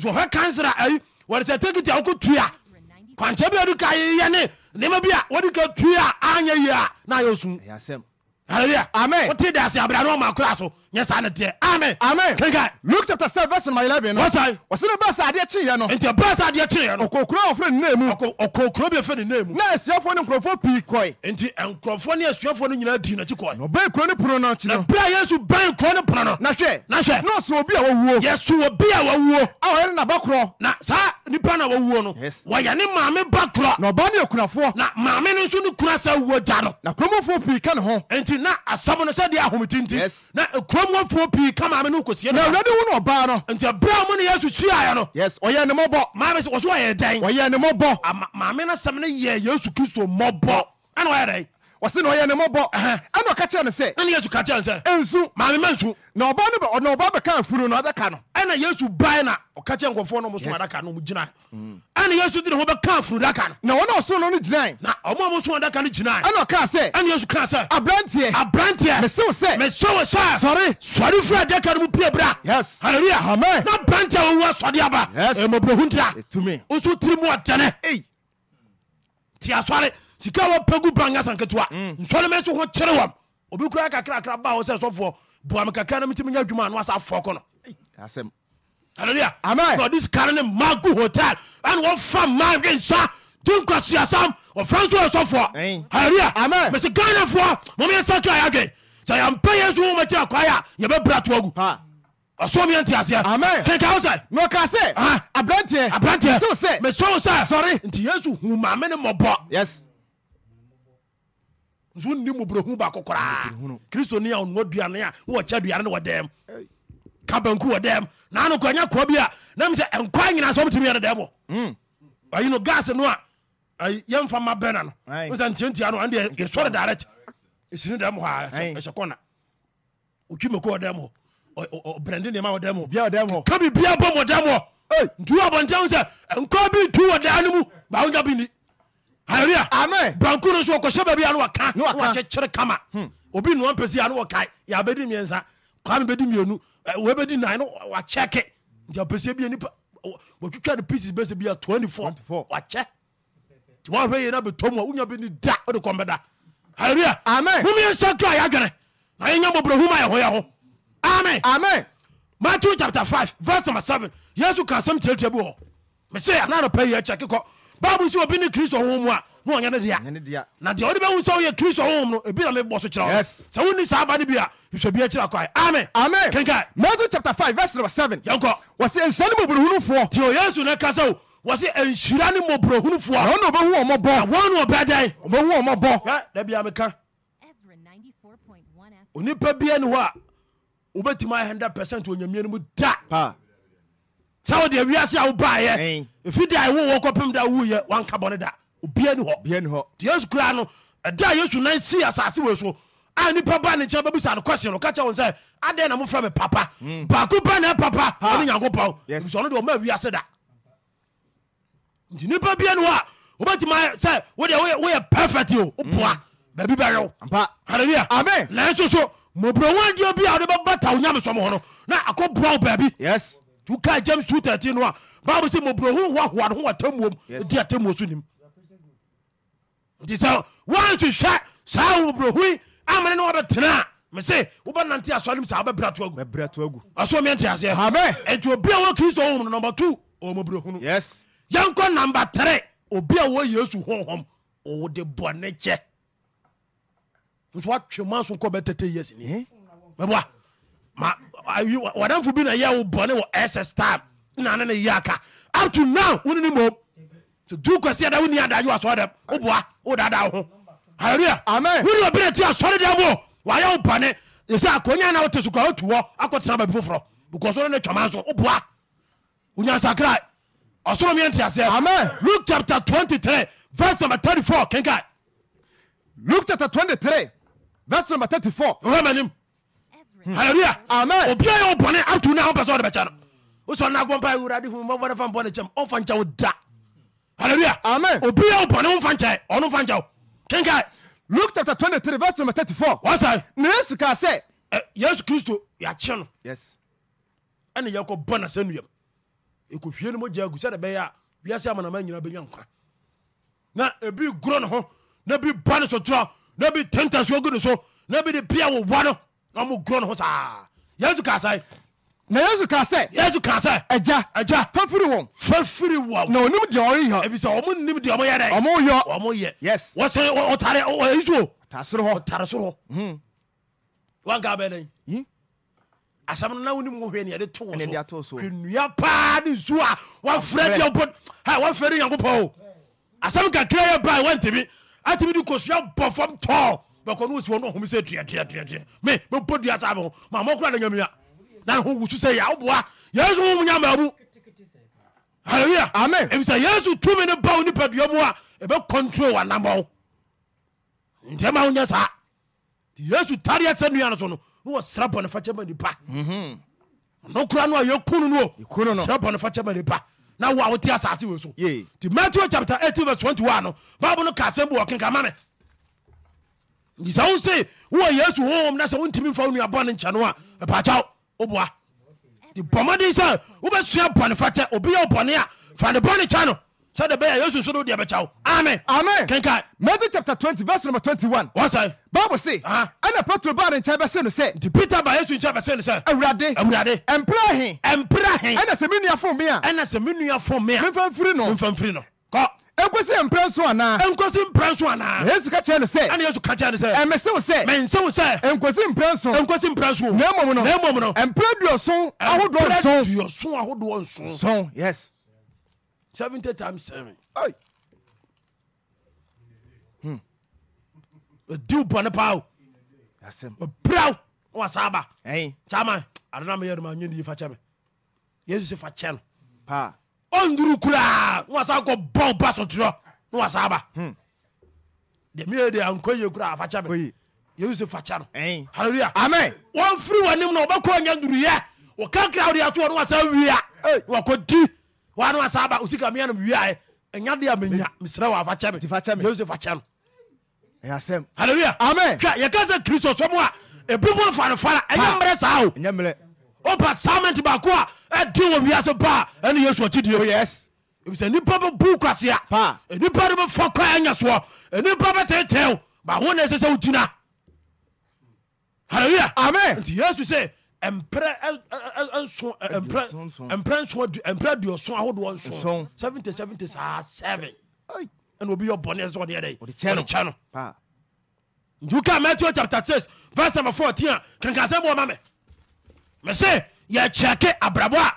S3: ɔhwɛ kansera ai wɔde certificate a wokɔ tui a kwankyɛ bi a wode ka yeyɛ ne nneɛma bi a wode ka tui a anyɛ yie na ayɛ osum hallelujah amen o ti da se abira n'o ma kura so nye sa ne tiɛ amen amen kankan. luke chapter seven verse number eleven. wasa ye. wasa ne baasa adeɛ kyi yɛ no. nti baasa adeɛ kyi yɛ no. okokoro a wofɛ ne nemu. okokoro bi efɛ ne nemu. na esuafo ne nkurɔfo pii kɔɛ. nti nkurɔfo ne esuafo ne nyinaa di n'akyi kɔɛ. ɔbɛn kuro ne pono no. ebira yesu bɛn kuro ne pono no. na hwɛ na hwɛ. n'osu obi a wawuo. yɛsu obi a wawuo. a wɔyɛ ne naba korɔ. na saa nipa na wawuo no Yes. wɔyɛ ne maame ba kora na ɔbaa ne akunafoɔ na maame no nso no kura sɛ wuo gya no na kuromɔfoɔ pii ka ne ho enti na asɛm no sɛdeɛ Yes. ahometinti na kurom wafoɔ pii ka maame no kɔsie na no awurade hu ne ɔbaa no nti ɛberɛ a mo ne yesu hyiaeɛ no yes ɔyɛ ne mɔbɔ maame sɛ wɔ so wɔyɛ dɛn ɔyɛ ne mɔbɔ Ama- maame no asɛm no yɛ yesu kristo mmɔbɔ ɛna wɔyɛ dɛn wɔsi na ɔyɛ ne mɔbɔ ɛna ɔka kyerɛ no sɛ. ɛna yesu ka kyerɛ no sɛ. ensu. maame ma nsu. na ɔbaa no na ɔbaa bɛ kan funu na ɔdaka no. ɛna yesu bae na ɔka kyerɛ nkɔfoɔ no mo adaka no mo ɛna yesu di ne ho bɛ funu daka no. E. na wɔn a ɔsoro no no gyina. na ɔmo a mo adaka no gyina. ɛna e. ɔka sɛ. ɛna yesu ka sɛ. aberanteɛ. E. aberanteɛ. mesew sɛ. mesew sɛ. sɔre. sɔre firi adaka no mu pie bra. yes hallelujah. amen. na aberanteɛ wo wa sɔde aba. yes ɛmɔbirehun tira. etumi. o so tiri mu ɔdɛnɛ. tia sɔre sika wɔpɛ gu banga sanketewa mm. nsɔleme so ho kyere wam obi kura kakrakra ba wo sɛ sɔfoɔ boam kakra na metimi nya adwuma no wasa afɔ kɔ no hallelujah amen ɔde sikare ne ma gu hotel ɛne wɔfa ma hwe nsa di nkwasiasam ɔfa nso yɛ sɔfoɔ hallelujah amen mese ghanafoɔ momyɛ sa to a yɛadwen sɛ yɛmpɛ yɛ so womakyi akwae a yɛbɛbra to agu ɔsɔmiɛ nti aseɛ kenka wo sɛ mɛka se aberanteɛ aberanteɛ sɛ mesɛ wo sɛ sɔre nti yesu hu maame ne mmɔbɔ yes nso nni muburohu baako koraa kristo ni a ɔnoa duane a wowɔ kyɛ duane ne wɔ dɛm ka banku dɛm naano kɔ ɛnyɛ kɔɔ bi a na mi sɛ nkwa nyinaa sɛ ɔmtumi yɛ ne dɛm wɔ hmm. ayi no gas no a yɛmfa ma bɛna no sɛ ntiantia no ɛnde ɛsɔre direct ɛsini dɛm hɔ a ɛhyɛ kɔna otwi mako wɔ dɛm hɔ brɛnde nneɛma wɔ dɛm hɔ ka bibia bɔ mɔ dɛm hɔ ntu abɔntɛn sɛ nkwa bi tu wɔ daa no mu baawo nya bi ni halleluya amen banku no so wɔkɔhyɛ baabi a no wɔka na wɔakyekyere kama hmm. obi nnoa mpɛ si a no wɔkae yɛabɛdi mmiɛnsa kwame bɛdi mmienu wɔbɛdi nan no wakyɛke nti apɛsie bia nipa wɔtwitwa no pieces bɛsɛ bia 24 wakyɛ nti wɔhwɛ yɛ no abɛtɔ mu a wonya bɛni da wode kɔm bɛda halleluya amen momiɛnsa kra yɛadwene na yɛnya mmɔborɔhum a yɛho yɛ ho amen amen matthew chapter five verse number 7 yesu ka asɛm tiatia bi wɔ na mesɛ ananɔpa yi akyɛke kɔ bible sɛ obi ne kristo honhom a na ɔnyɛ ne dea na deɛ wode bɛhu sɛ woyɛ kristo honhom no ebi na mebɔ so kyerɛ wo sɛ wonni saa ba no bi a hwɛ bi akyirɛ kwae amen amen kenka matthew chapter five, verse number seven. 7 yɛnkɔ wɔsɛ nhyia ne mmɔborɔhunufoɔ tio yesu no ka sɛ wɔsɛ nhyira ne mmɔborɔhunufoɔ ɔne ɔbɛhu ɔmɔbɔ wɔne ɔbɛdan ɔbɛhu ɔmɔbɔ da bia meka onipa bia ne hɔ a wobɛtumi ayɛ 100 percent onyamia no mu da sɛ wode awiase a wobaeɛ ɛfi da ɛwowɔ kɔpem da wuyɛ wanka bɔne da obia ni hɔ nti yesu koraa no ɛda yesu nan sii asase wɔ so a nipa ba ne nkyɛn bɛbisa no kɔsi no ka kyɛ wo sɛ adɛn na mofrɛ me papa hmm. baako ba na papa ɔne nyankopɔn ɛfisɛ ɔno de ɔma awiase da nti nipa bia ni hɔ a wobɛtumi sɛ wode woyɛ perfect o woboa hmm. baabi bɛwew halleluya amen nanso so mmɔborɔwadeɛ bi a wode bɛbata wo nyamesɔm hɔ no na akɔboa wo baabi yes tuka james 213 no a bible sɛ mɔborɔhu hoahoa no ho watamuom di atamuo so nim nti sɛ woanhwehwɛ saa mɔborɔhui amene ne wabɛtena a mese wobɛnante asɔre m sɛ wobɛbra to agu ɔso miɛnte aseɛ enti obi a wɔ kristo honhom no nɔmba 2 ɔmɔborɔhunu yɛnkɔ namba 3 obi a wɔ yesu honhom ɔwode bɔne kyɛ nso watwe ma so nkɔ bɛtɛtɛ yɛsini mɛboa eh? wadamfo bi na yɛwo bɔne wɔ ss time na ne ne yɛ aka up to now wone ne mom so du kwasi ada woni adagye wasɔre dɛm woboa wodada wo ho halleluya amen wone ɔbɛna ti asɔre dɛm wɔ wayɛ wo bɔne ɛsɛ akonya na wote so kwa wotu hɔ akɔtena baabi foforɔ because wone ne twama nso woboa wonyansakra ɔsoro miɛ nteaseɛ amen luke chapter 23 verse number 34 kenkae luke chapter 23 verse number 34 ɔhɛ m'anim hallelujah amen obi a yɛ ɔbɔne ato na ho pɛ sɛ ɔde bɛkyɛ no wosɔ no agɔmpa awurade hu mɔbɔne fa mbɔne kyɛm ɔmfa nkyɛ wo da hallelujah amen obi a ɔbɔne womfa nkyɛ ɔno mfa nkyɛ wo kenkae luke chapter 23 verse number 34 wɔsɛ na yesu kaa sɛ yesu kristo yɛakye no yes ɛne yɛkɔ bɔ na sɛ nnuam ɛkɔhwie no mogya agu sɛde bɛyɛ a wiase amanama nyina bɛnya nkwa na ebi goro ne ho na bi ba ne so torɔ na bi tenta so ogu ne so na bi de bia wɔwa no na ɔmo goro ne ho saa yesu kaa sɛ na yesu kaa sɛ yesu kaa sɛ agya agya fa firi wɔn fa firi wɔn na onim deɛ ɔreyɛ ebisɛ ɔmo nim deɛ ɔmo yɛ dɛ ɔmo yɔ ɔmo yɛ yes wɔsɛ ɔtare ɔyisu o ɔtare soro hɔ ɔtare soro hɔ hmm. wanka bɛ dɛ asɛm no na wonim wo hwɛ neɛde to wo so nnua paa ne nsuo a wafrɛ deɛ wobɔ ha wafrɛ de nyankopɔn o asɛm kakra yɛ baa wantimi atimi de kosua bɔ fam tɔɔ bɛkɔ no wosi hɔ no ɔhom sɛ duaduaduadua me mebɔ dua saa bɛho mamɔ kora da nyamia na ne ho wusu sɛ yɛ woboa yesu ho mu nyamaamu halleluya amen ɛfisɛ yesu tumi ne ba wo nipadua mu a ɛbɛ control wanammɔ ntɛma wo nyɛ saa nti yesu tareɛ sɛ nnua no so no na wɔsra bɔne fakyɛ ma nipa ɔno kora no a yɛkunu no osra bɔne fakyɛ ma nipa na wo a wote asase wei so nti matthew chapter 18 vs 21 no bible no ka asɛm bi wɔkenka ma sɛ wo se wowɔ yesu honhom na sɛ wontimi mfa wo nuabɔne nkyɛ no a ɛpakyaw woboa nti bɔmmɔden sɛ wobɛsua bɔne fatɛ obiyɛ bɔne a fa ne bɔne kyɛ no sɛde bɛyɛ yesu so no wodeɛ bɛkyɛ wo amen amen kenka matthew chapter twenty, verse number twenty-one. 21 wɔsɛ bible se ɛna petro baa ne nkyɛn bɛse no sɛ nti peter ba yesu nkyɛn bɛse no sɛ awurade awurade ɛmpra he ɛmpra he ɛna sɛ me nua fom me a ɛna sɛ me nua fom me a memfa mfiri no memfa mfiri no kɔ ɛnkosi mpira so ana. ɛnkosi mpira so ana. yesu ka kyerɛ ne sɛ. ɛna yesu ka kyerɛ ne sɛ. ɛmɛsɛw sɛ. mɛnsɛw sɛ. ɛnkosi mpira so. ɛnkosi mpira so. na emom no. na emom no. mpira duoson ahodoɔ nson. mpira duoson ahodoɔ nson. nson yes. seventy times seven. ayi. hmm. diw bɔnne paaw. asɛm. piraw wa saaba. ɛyin. caman adana mi yɛrɛ ma n ye nin ye fa kyɛ mi yesu si fa kyɛ no. paa ɔnduru koraa na wasa kɔ bɔn ba sotorɔ na wasa ba dɛmiyɛ hmm. de ankɔ yie koraa afakyɛ mi yehu se fakyɛ no hallelujah amen wɔn firi wɔn anim na wɔbɛkɔ ɔnya nduruyɛ wɔkankra wɔde ato wɔn na wia na wakɔ di wɔn na wasa ba osika miya na wia yɛ ɛnya de a mi nya misira wɔ afakyɛ mi yehu se fakyɛ no hallelujah amen hwɛ yɛ kasa kristu sɔmu a ebi mu afarefara ɛnyɛ mmerɛ saa o. wopa sament baako a ɛden eh, wɔ wiase ba a eh, ɛne yesu akyidie oh, efisɛ nipa bɛ bu kwasea nipa bɛ fɔ kɔ ɛnya soɔ nipa bɛ tɛntɛn ba ho na ɛsɛ o jina hallelujah amen nti yesu sɛ eh, mpɛrɛ nson mpɛrɛ nson mpɛrɛ duoson ahodoɔ nson seventy seventy saa ah, seven ɛna obi yɛ bɔnɛ sɛ ɔde dɛ no nti Matthew chapter six verse number fourteen mese yɛkyɛke abrabɔ a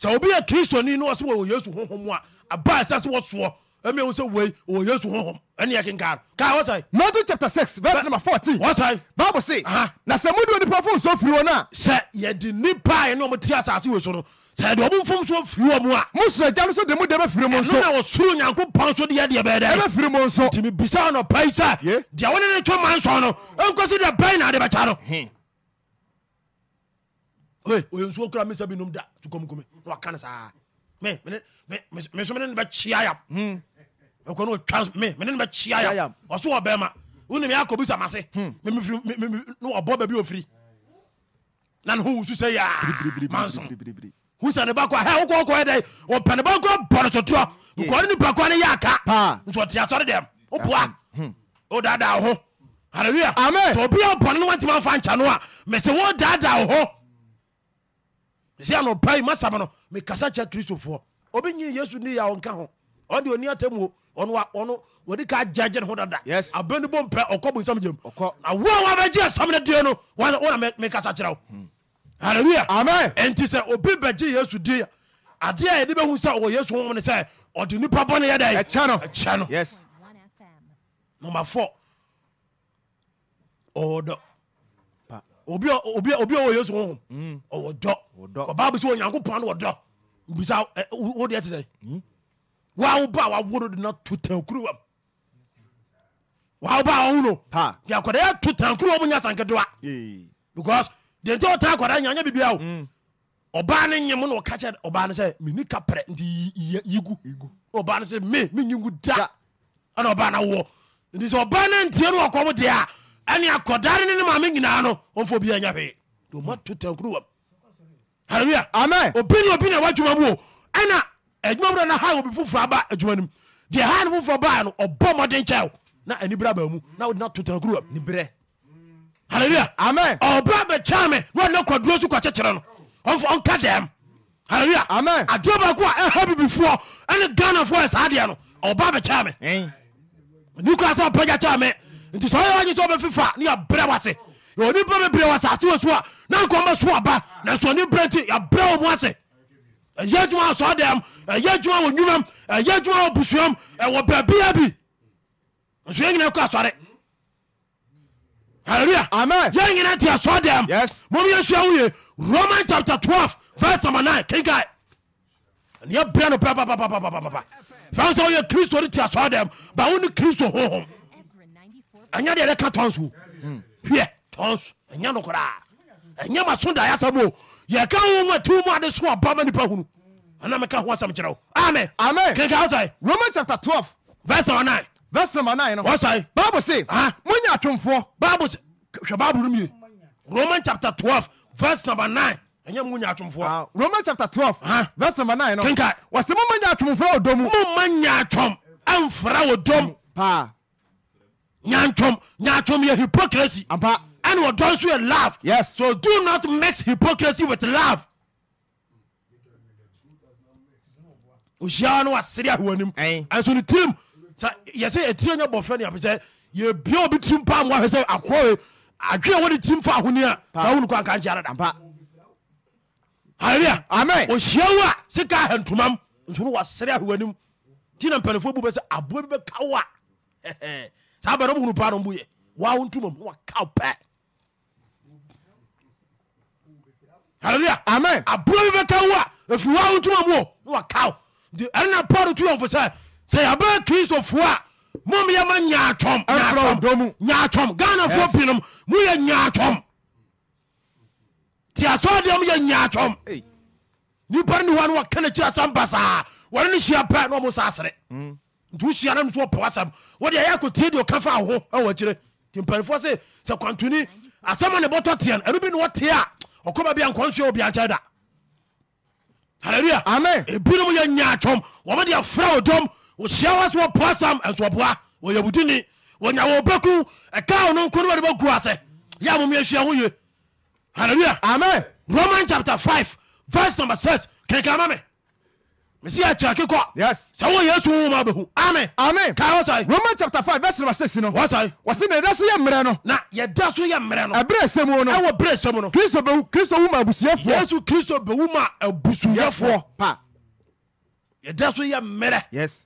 S3: sɛ obi yɛ kristoni na wɔsɛ wɔwɔ yesu honhom a aba ɛsɛ sɛ wɔsoɔ ɛmi sɛ wei wɔ yesu honhom ɛni yɛ kinkaar kaa wɔsɛ. matthew chapter six verse number fourteen. wɔsɛ. bible say. na sɛ mo di onipa fún nsuo firi wɔn a. sɛ yɛdi nipa yɛ ní ɔmo ti asaase wɔ so no sɛ yɛdi ɔmo fún nsuo firi wɔn a. mo sɛ ɛja no so de mo de ɛbɛ firi mo nso. so de yɛ deɛ bɛɛ nso. tìmí bisa ɔnɔ sɛ. deɛ wɔn ne tó ma nsɔn no nkosi deɛ bɛyi na ade no oye nsuo kura mi sẹbi num da tukọmukumi na wa kan saa mi mi mi mi sọ mi ni bẹ kyiya yam ɛkɔ hmm. n'o twa mi mi ni bɛ kyiya yam ɔsọ wɔ bɛɛ ma o ni mi akɔ bi samase mi hmm. mi firi mi mi mi ni wɔ bɔ bɛɛ bi o firi na ni hu wusu sɛ yaa manson wusa ne ba kɔ hɛ o kɔ kɔ yɛ dɛ o pɛ ne ba kɔ bɔnɔsɔtɔ nkɔri ni bakɔ ni y'a ka nsɔtiya sɔri dɛ o bua hmm. o da da o ho hallelujah amen sɔ bi y'a bɔnni wa ti ma fa n canu wa mɛ se wo da da o ho sɛ anɔpai masam no mekasa kyɛ kristofoɔ obi nyi yesu ni yɛ ɔnka ho ɔde oni atamuo ɔno wɔde ka gyagye ne ho dada abɛni bɔ mpɛ ɔkɔ bu nsam gyam awo a wabɛgye asam no die no wona mekasa kyerɛ wo hmm. halleluya amen enti sɛ obi bɛgye yesu di adeɛ a yɛde bɛhu sɛ ɔwɔ yesu honhom ne sɛ ɔde nipa bɔne yɛ dɛ ɛkyɛ no ɛkyɛ no number four ɔwɔ dɔ obi a ɔwɔ yesu hohom mm. ɔwɔ dɔ ɔbaa bi sɛ onyankopɔn no wɔdɔ bisa wodeɛ te Wa hmm? wawo ba wawo no de na to Wa wam wawo ba wɔwo no de akwadaa yɛ to tankuru wam nya sanketewa because deɛ nti ɔtaa akwadaa nyanya bibia o hmm. ɔbaa no nyem na ɔka kyɛ ɔbaa no sɛ meni ka prɛ nti yigu ɔbaa no sɛ me menyigu da ɛna ɔbaa no awoɔ nti sɛ ɔbaa no ntie no wɔkɔm a ɛne akɔdare ne ne maame nyinaa no ɔmfa obia nya hwee ɔmato tankuruwam halleluya amen obi ne obi na ɛwɔ adwuma mu o ɛna adwuma mu no ha obi foforɔ aba adwuma no mu deɛ ha no foforɔ baa no ɔbɔ mmɔden kyɛw na anibra baa mu na wode na to tankuruwam nibrɛ halleluya amen ɔba bɛkyɛa me na ɔne kɔduro so kɔkyekyere no ɔmfa ɔnka dɛm halleluya amen adeɛ baako a ɛha bibifoɔ ɛne ghanafoɔ ɛ saa deɛ no ɔba bɛkyɛa me ne kora sɛ ɔpagya kyɛa me nti sɛ ɔyɛ wagye sɛ wobɛfifa ne yɛbrɛ ase bebrɛ asase so a na nkɔ bɛso aba nanso ɔne brɛ nti yɛbrɛ wɔ mu ase ɛyɛ adwuma wɔ ɛyɛ adwuma wɔ ɛyɛ adwuma wɔ busuam ɛwɔ baabia bi nso nyina kɔ asɔre amen nyina te mom yɛsua wo ye roman chapter 12 9 kenkae no fa sɛ woyɛ kristo te ba wo ne kristo ɛnya deɛ ɛdɛka tons o hmm. hwɛ tons ɛnya no kora. ɛnya ma so da yɛsɛ mo yɛka ho ma tiw mu ade so aba ma nipa hunu ɛna meka ho asɛm kyerɛ wo amen amen kenka sɛ roman chapter 12 verse number nine. verse number 9 no wɔsɛe bible se monya atwomfoɔ bible hwɛ bible no mie roman chapter 12 verse number nine. ɛnyɛ mu nya atwomfoɔ ah, roman chapter 12 verse number nine, no kenka wɔse momanya atwomfoɔ wɔ dɔ mu momanya atwom amfra wɔ dɔm paa nyantom nyantom yɛ hypocrisy ampa ɛne wɔdɔ nso yɛ love yes so do not mix hypocrisy with love ohyiaa no wasere ahoanim ɛnso ne tirim yɛsɛ ɛtiri nya bɔfrɛ ne apɛ sɛ yɛbia obi tirim paa moahwɛ sɛ akorɔe adwene wɔde tirim fa ahoni a kawonu kɔ anka nkyia dada hallelujah amen ohyia wo a sika ahɛ ntomam nso no wasere ahoanim nti na mpanimfoɔ bu bɛ sɛ aboa bi bɛka wo a saa bɛrɛ mu pa no yɛ waawo ntoma mu wa kaw pɛ hallelujah amen aburo bi bɛ taa wa efi waawo ntoma mu wa kaw nti ɛna paul tu yɛn fo sɛ yabɛ kristo fo a mo mi yɛ ma nyaatɔm nyaatɔm nyaatɔm ghana fo binom mu yɛ nyaatɔm tiasɔ deɛ mu yɛ nyaatɔm nipa ni wa ni wa kɛnɛ kyerɛ sanba wɔn ni hyia pɛ na sa asere. Mm. ntusiana nso ɔpɔ asɛm wode ɛyɛ akotie deɛ ɔka fa ho ɛwɔ akyire nti mpanifoɔ se sɛ kwantoni asɛm a ne bɔtɔ teɛ no ɛno bi ne wɔtee a ɔkɔba bi a nkɔnsoɛ obia nkyɛ da halleluya amen ebinom yɛ nyaatwɔm wɔn de afra odom ohyia wa so wɔpɔ asɛm ɛnso ɔboa wɔyɛ budini wɔnya wɔn bɛku ɛka ɔno nko no wɔde bɛgu ase yɛ a mom yɛhyia ho ye halleluya amen roman chapter five verse number six kɛnkɛn ama mesi akyerɛke kɔ sɛ wo yesu woma bɛhu Amen, ame kae wɔsae roman chapter 5 verse number 6 no wɔsae wɔse na ɛda so yɛ mmerɛ no na yɛda so yɛ mmerɛ no ɛberɛ sɛ mu no ɛwɔ berɛ sɛ mu no kristo bɛwu kristo wu ma abusuafoɔ yesu kristo bɛwu ma abusuafoɔ pa yɛda so yɛ mmerɛ yes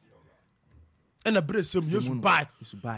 S3: ɛna berɛ sɛ mu yesu bae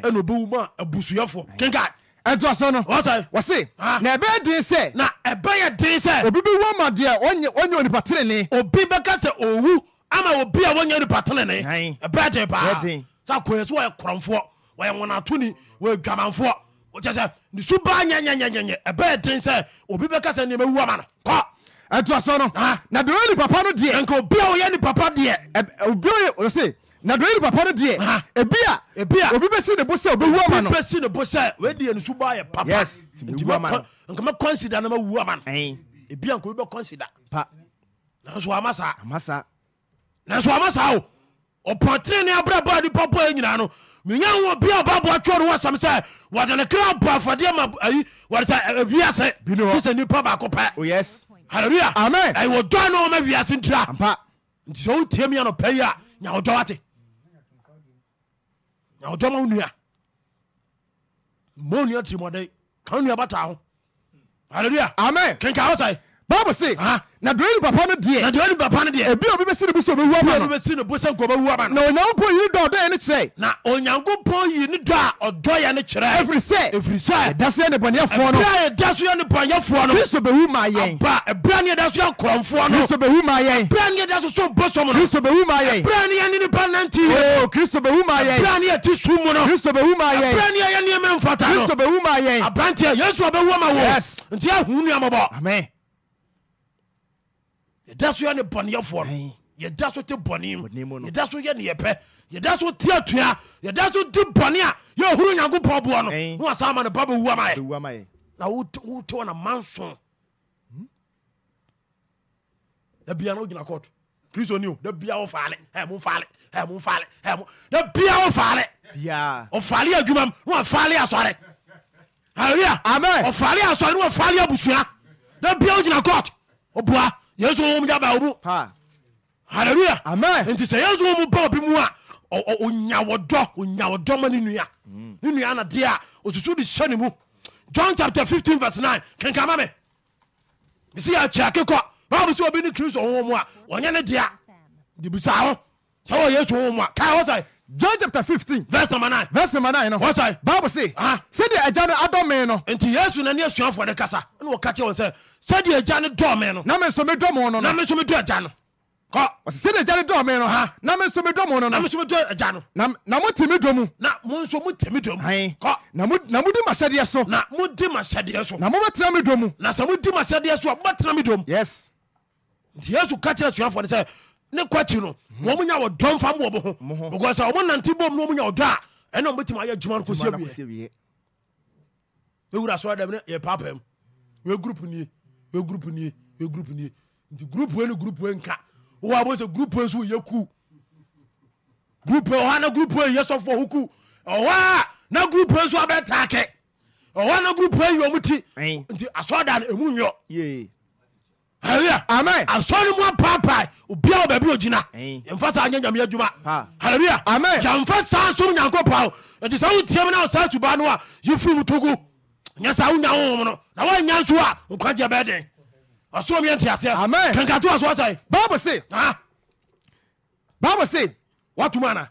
S3: ɛna ɔbɛwu ma abusuafoɔ kenkae ɛntoa so no wɔse na ɛbɛyɛ den sɛ na ɛbɛyɛ den sɛ obi bɛwu ama deɛ ɔnyɛ onipa terene obi bɛka sɛ ɔwu ama obi a wɔnyɛ nipa tenene ɛbɛden paa sɛ akoyɛ sɛ wɔyɛ korɔmfoɔ wɔyɛ wɔnatoni wɔyɛ dwamanfoɔ kyɛ sɛ ne su baa nyɛnyɛnyɛnyɛnyɛ ɛbɛyɛ den sɛ obi bɛka sɛ nneɛma wu ama no kɔ ɛtoa so no na dɔyɛ ni papa no deɛ nka obi a wɔyɛ ni papa deɛ obi a se na dɔyɛ ni papa no deɛ ebi a ebi a obi bɛsi ne bo sɛ obi wu ama no obi bɛsi ne bo sɛ wɔadi ne su baa yɛ papa yes nti mɛ nkɛmɛ kɔnsida na ma wu ama no ebi a nka obi bɛ kɔnsida pa nanso ama saa ama saa nanso ama saa o ɔpɔntenene abrabɔ a nipa bɔɛ nyinaa no menya wɔ bia ɔbaboa twɔ no wɔsɛm sɛ wɔde ne kra bɔ afadeɛ ma ayi wɔde sɛ wiase bi sɛ nipa baako pɛ oh, halleluya amen ɛyɛ wɔ dɔ no ɔma wiase ntira nti sɛ wotie mia no pɛ yi a nya wɔdɔ wate nya wɔdɔ ma wo nua ma wo nua tirimɔden ka wo nua bata ho halleluya amen kenka wo sɛ bible se na dɔyɛ ni papa no deɛ na dɔyɛ ni papa no deɛ ebi obi bɛ si ne bu sɛ obi wu ama no ebi obi bɛ si ne bu sɛ nkɔba wu ama na onyankopɔn yi dɔ ɔdɔ yɛ ne kyerɛ na onyankopɔn yi ne dɔ a ɔdɔ yɛ ne kyerɛ efiri sɛ efiri sɛ ɛda so yɛ ne bɔnyɛfoɔ no ɛbira yɛ da so yɛ ne bɔnyɛfoɔ no kristo bɛ ma yɛn aba ɛbira ni yɛ da so yɛ kɔrɔnfoɔ no kristo bɛ wu ma yɛn ɛbira ni yɛ da so so bɔ sɔmu no kristo bɛ wu ma yɛn ɛbira ni yɛ ne nipa nanti yɛ o ma yɛn ɛbira ni yɛ no kristo bɛ ma yɛn ɛbira ni yɛ yɛ no kristo bɛ ma yɛn aberanteɛ yesu ɔbɛ wu wo nti ahunu ni amabɔ amen yɛda so yɛne bɔneyɛfoɔ no yɛda so te bɔne muyɛda so yɛ ne yɛpɛ yɛda so te atua yɛda so di bɔne a yɛhuru nyankopɔn boɔ no na wasa ma no ba bɛwua ma yɛ na wote wɔna manso hmm? da bia na wogyina court kristo ni o da bia wo faale mo faale mo faale mo da bia wo faale ɔfaale adwuma m na wafaale asɔre hallelujah amen ɔfaale asɔre na wafaale abusua da bia wogyina court ɔboa yesu wo mu de aba wo mu halleluya nti sɛ yesu wo mu ba obi mu a onya wɔdɔ ma ne nua mm. ne nua na deɛ a osusu de hyɛ ne mu john chapter 15 verse 9 kenkama me mesi yɛ kyɛke kɔ bible sɛ obi ne kristo wo mu a ɔnyɛ ne dea de bisa ho sɛ wɔ yesu wo mu a kaa hɔ sɛ john chapter fifteen. verse number nine. verse number nine no. wɔsa. Ah. baabu se. sɛdeɛ ɛja no adɔ mi no. nti yesu na ne esuafo de kasa ɛna wɔka kyerɛ wɔn sɛ sɛdeɛ ɛja no dɔ mi no. Ah. na mi nso mi dɔ mu no. na mi nso mi dɔ ɛja no. kɔ. wɔsi sɛdeɛ ɛja no dɔ mi no ha. na mi nso mi dɔ mu no. na mi nso mi dɔ ɛja no. na na mo ti mi dɔ mu. na mo nso mo ti mi dɔ mu. ayi kɔ. na mo na mo di ma sɛdeɛ so. na mu di ma sɛdeɛ so. na mo bɛ tena mi dɔ mu. na sɛ mo di ma sɛdeɛ so a mo bɛ tena mi dɔ mu. yes. nti yesu ka kyerɛ esuafo de sɛ ne kwakyi no mhm. wɔm nya wɔdɔ mfa mowɔ mo ho because uh, ɔmo nante bom na ɔmo nya ɔdɔ a ɛna ɔmbɛtumi ayɛ adwuma no kɔsie wie ɛwura asɔre dɛm no yɛpaapaa mu wɛ group nie wɛ group nie wɛ group nie nti group wei ne group wei nka wowɔ abɔ sɛ group wei nso yɛ ku group wei ɔha na group wei yɛ sɔfo ho ku ɔhɔ a na group wei nso abɛtaake ɔhɔ na group yɛ ɔmo ti nti asɔre da no nyɔ amen asɔre mu apaapae obiaa baabi ogyina yɛmfa saa nyɛ nyame adwuma Hallelujah, amen yɛmfa saa som nyankopɔn ɛnti sɛ wotiam no saa suba no a yɛfiri mu togu nyɛ saa wonya honhom no na woanya nso a nkwagye bɛɛ den ɔsoro miɛ nteaseɛ amen kanka to a so asɛe bible se bible se woatom ana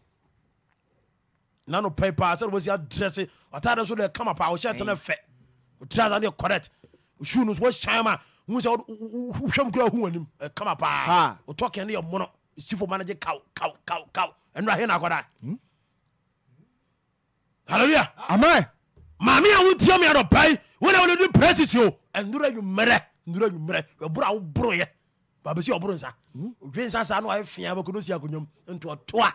S3: nano pɛ paa sɛ wɔsi adrɛse ɔtaade so deɛ kama paa ɔhyɛ tena fɛ ɔtira deɛ correct shoe no so wɔhyɛn ma hu sɛ wohwɛ kura hu w'anim kama paa ɔtɔ kɛn ne yɛ mono sifo ma kaw kaw kaw kaw ɛno ahe akɔda hmm? hallelujah amen maame a wotia me adɔpai wone wone de praises o ɛnora nwummerɛ nora nwummerɛ ɛboro a woboroyɛ babɛsi ɔboro nsa hmm? ɔdwe nsa saa na wayɛ fea bɛkɔdɔsi akonnwam ntoɔtoa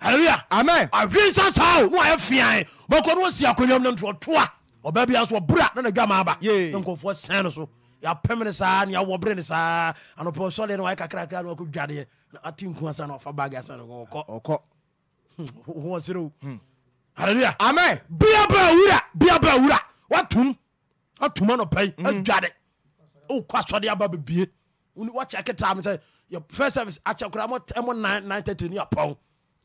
S3: hallelujah amen ahwe nsa saa o na wayɛ fia bɛkɔ ne wɔsi akonnwam no nto ɔtoa ɔbaa bia so ɔbra na na dwama aba ne nkɔfoɔ sɛn no so yɛapem ne saa ne yɛwɔ bere ne saa anɔpɛ sɔle no wayɛ kakrakra na wakɔ dwadeɛ na ate nku asa na ɔfa bag asa no ɔkɔ hm, wɔn sere o hmm. hallelujah amen bia ba wura bia ba wura watum atum anɔpɛ hmm. adwade wokɔ asɔde aba bebie wakyɛ ketaa me sɛ first service akyɛ koraa mɔ 9 30 ne yɛpɔn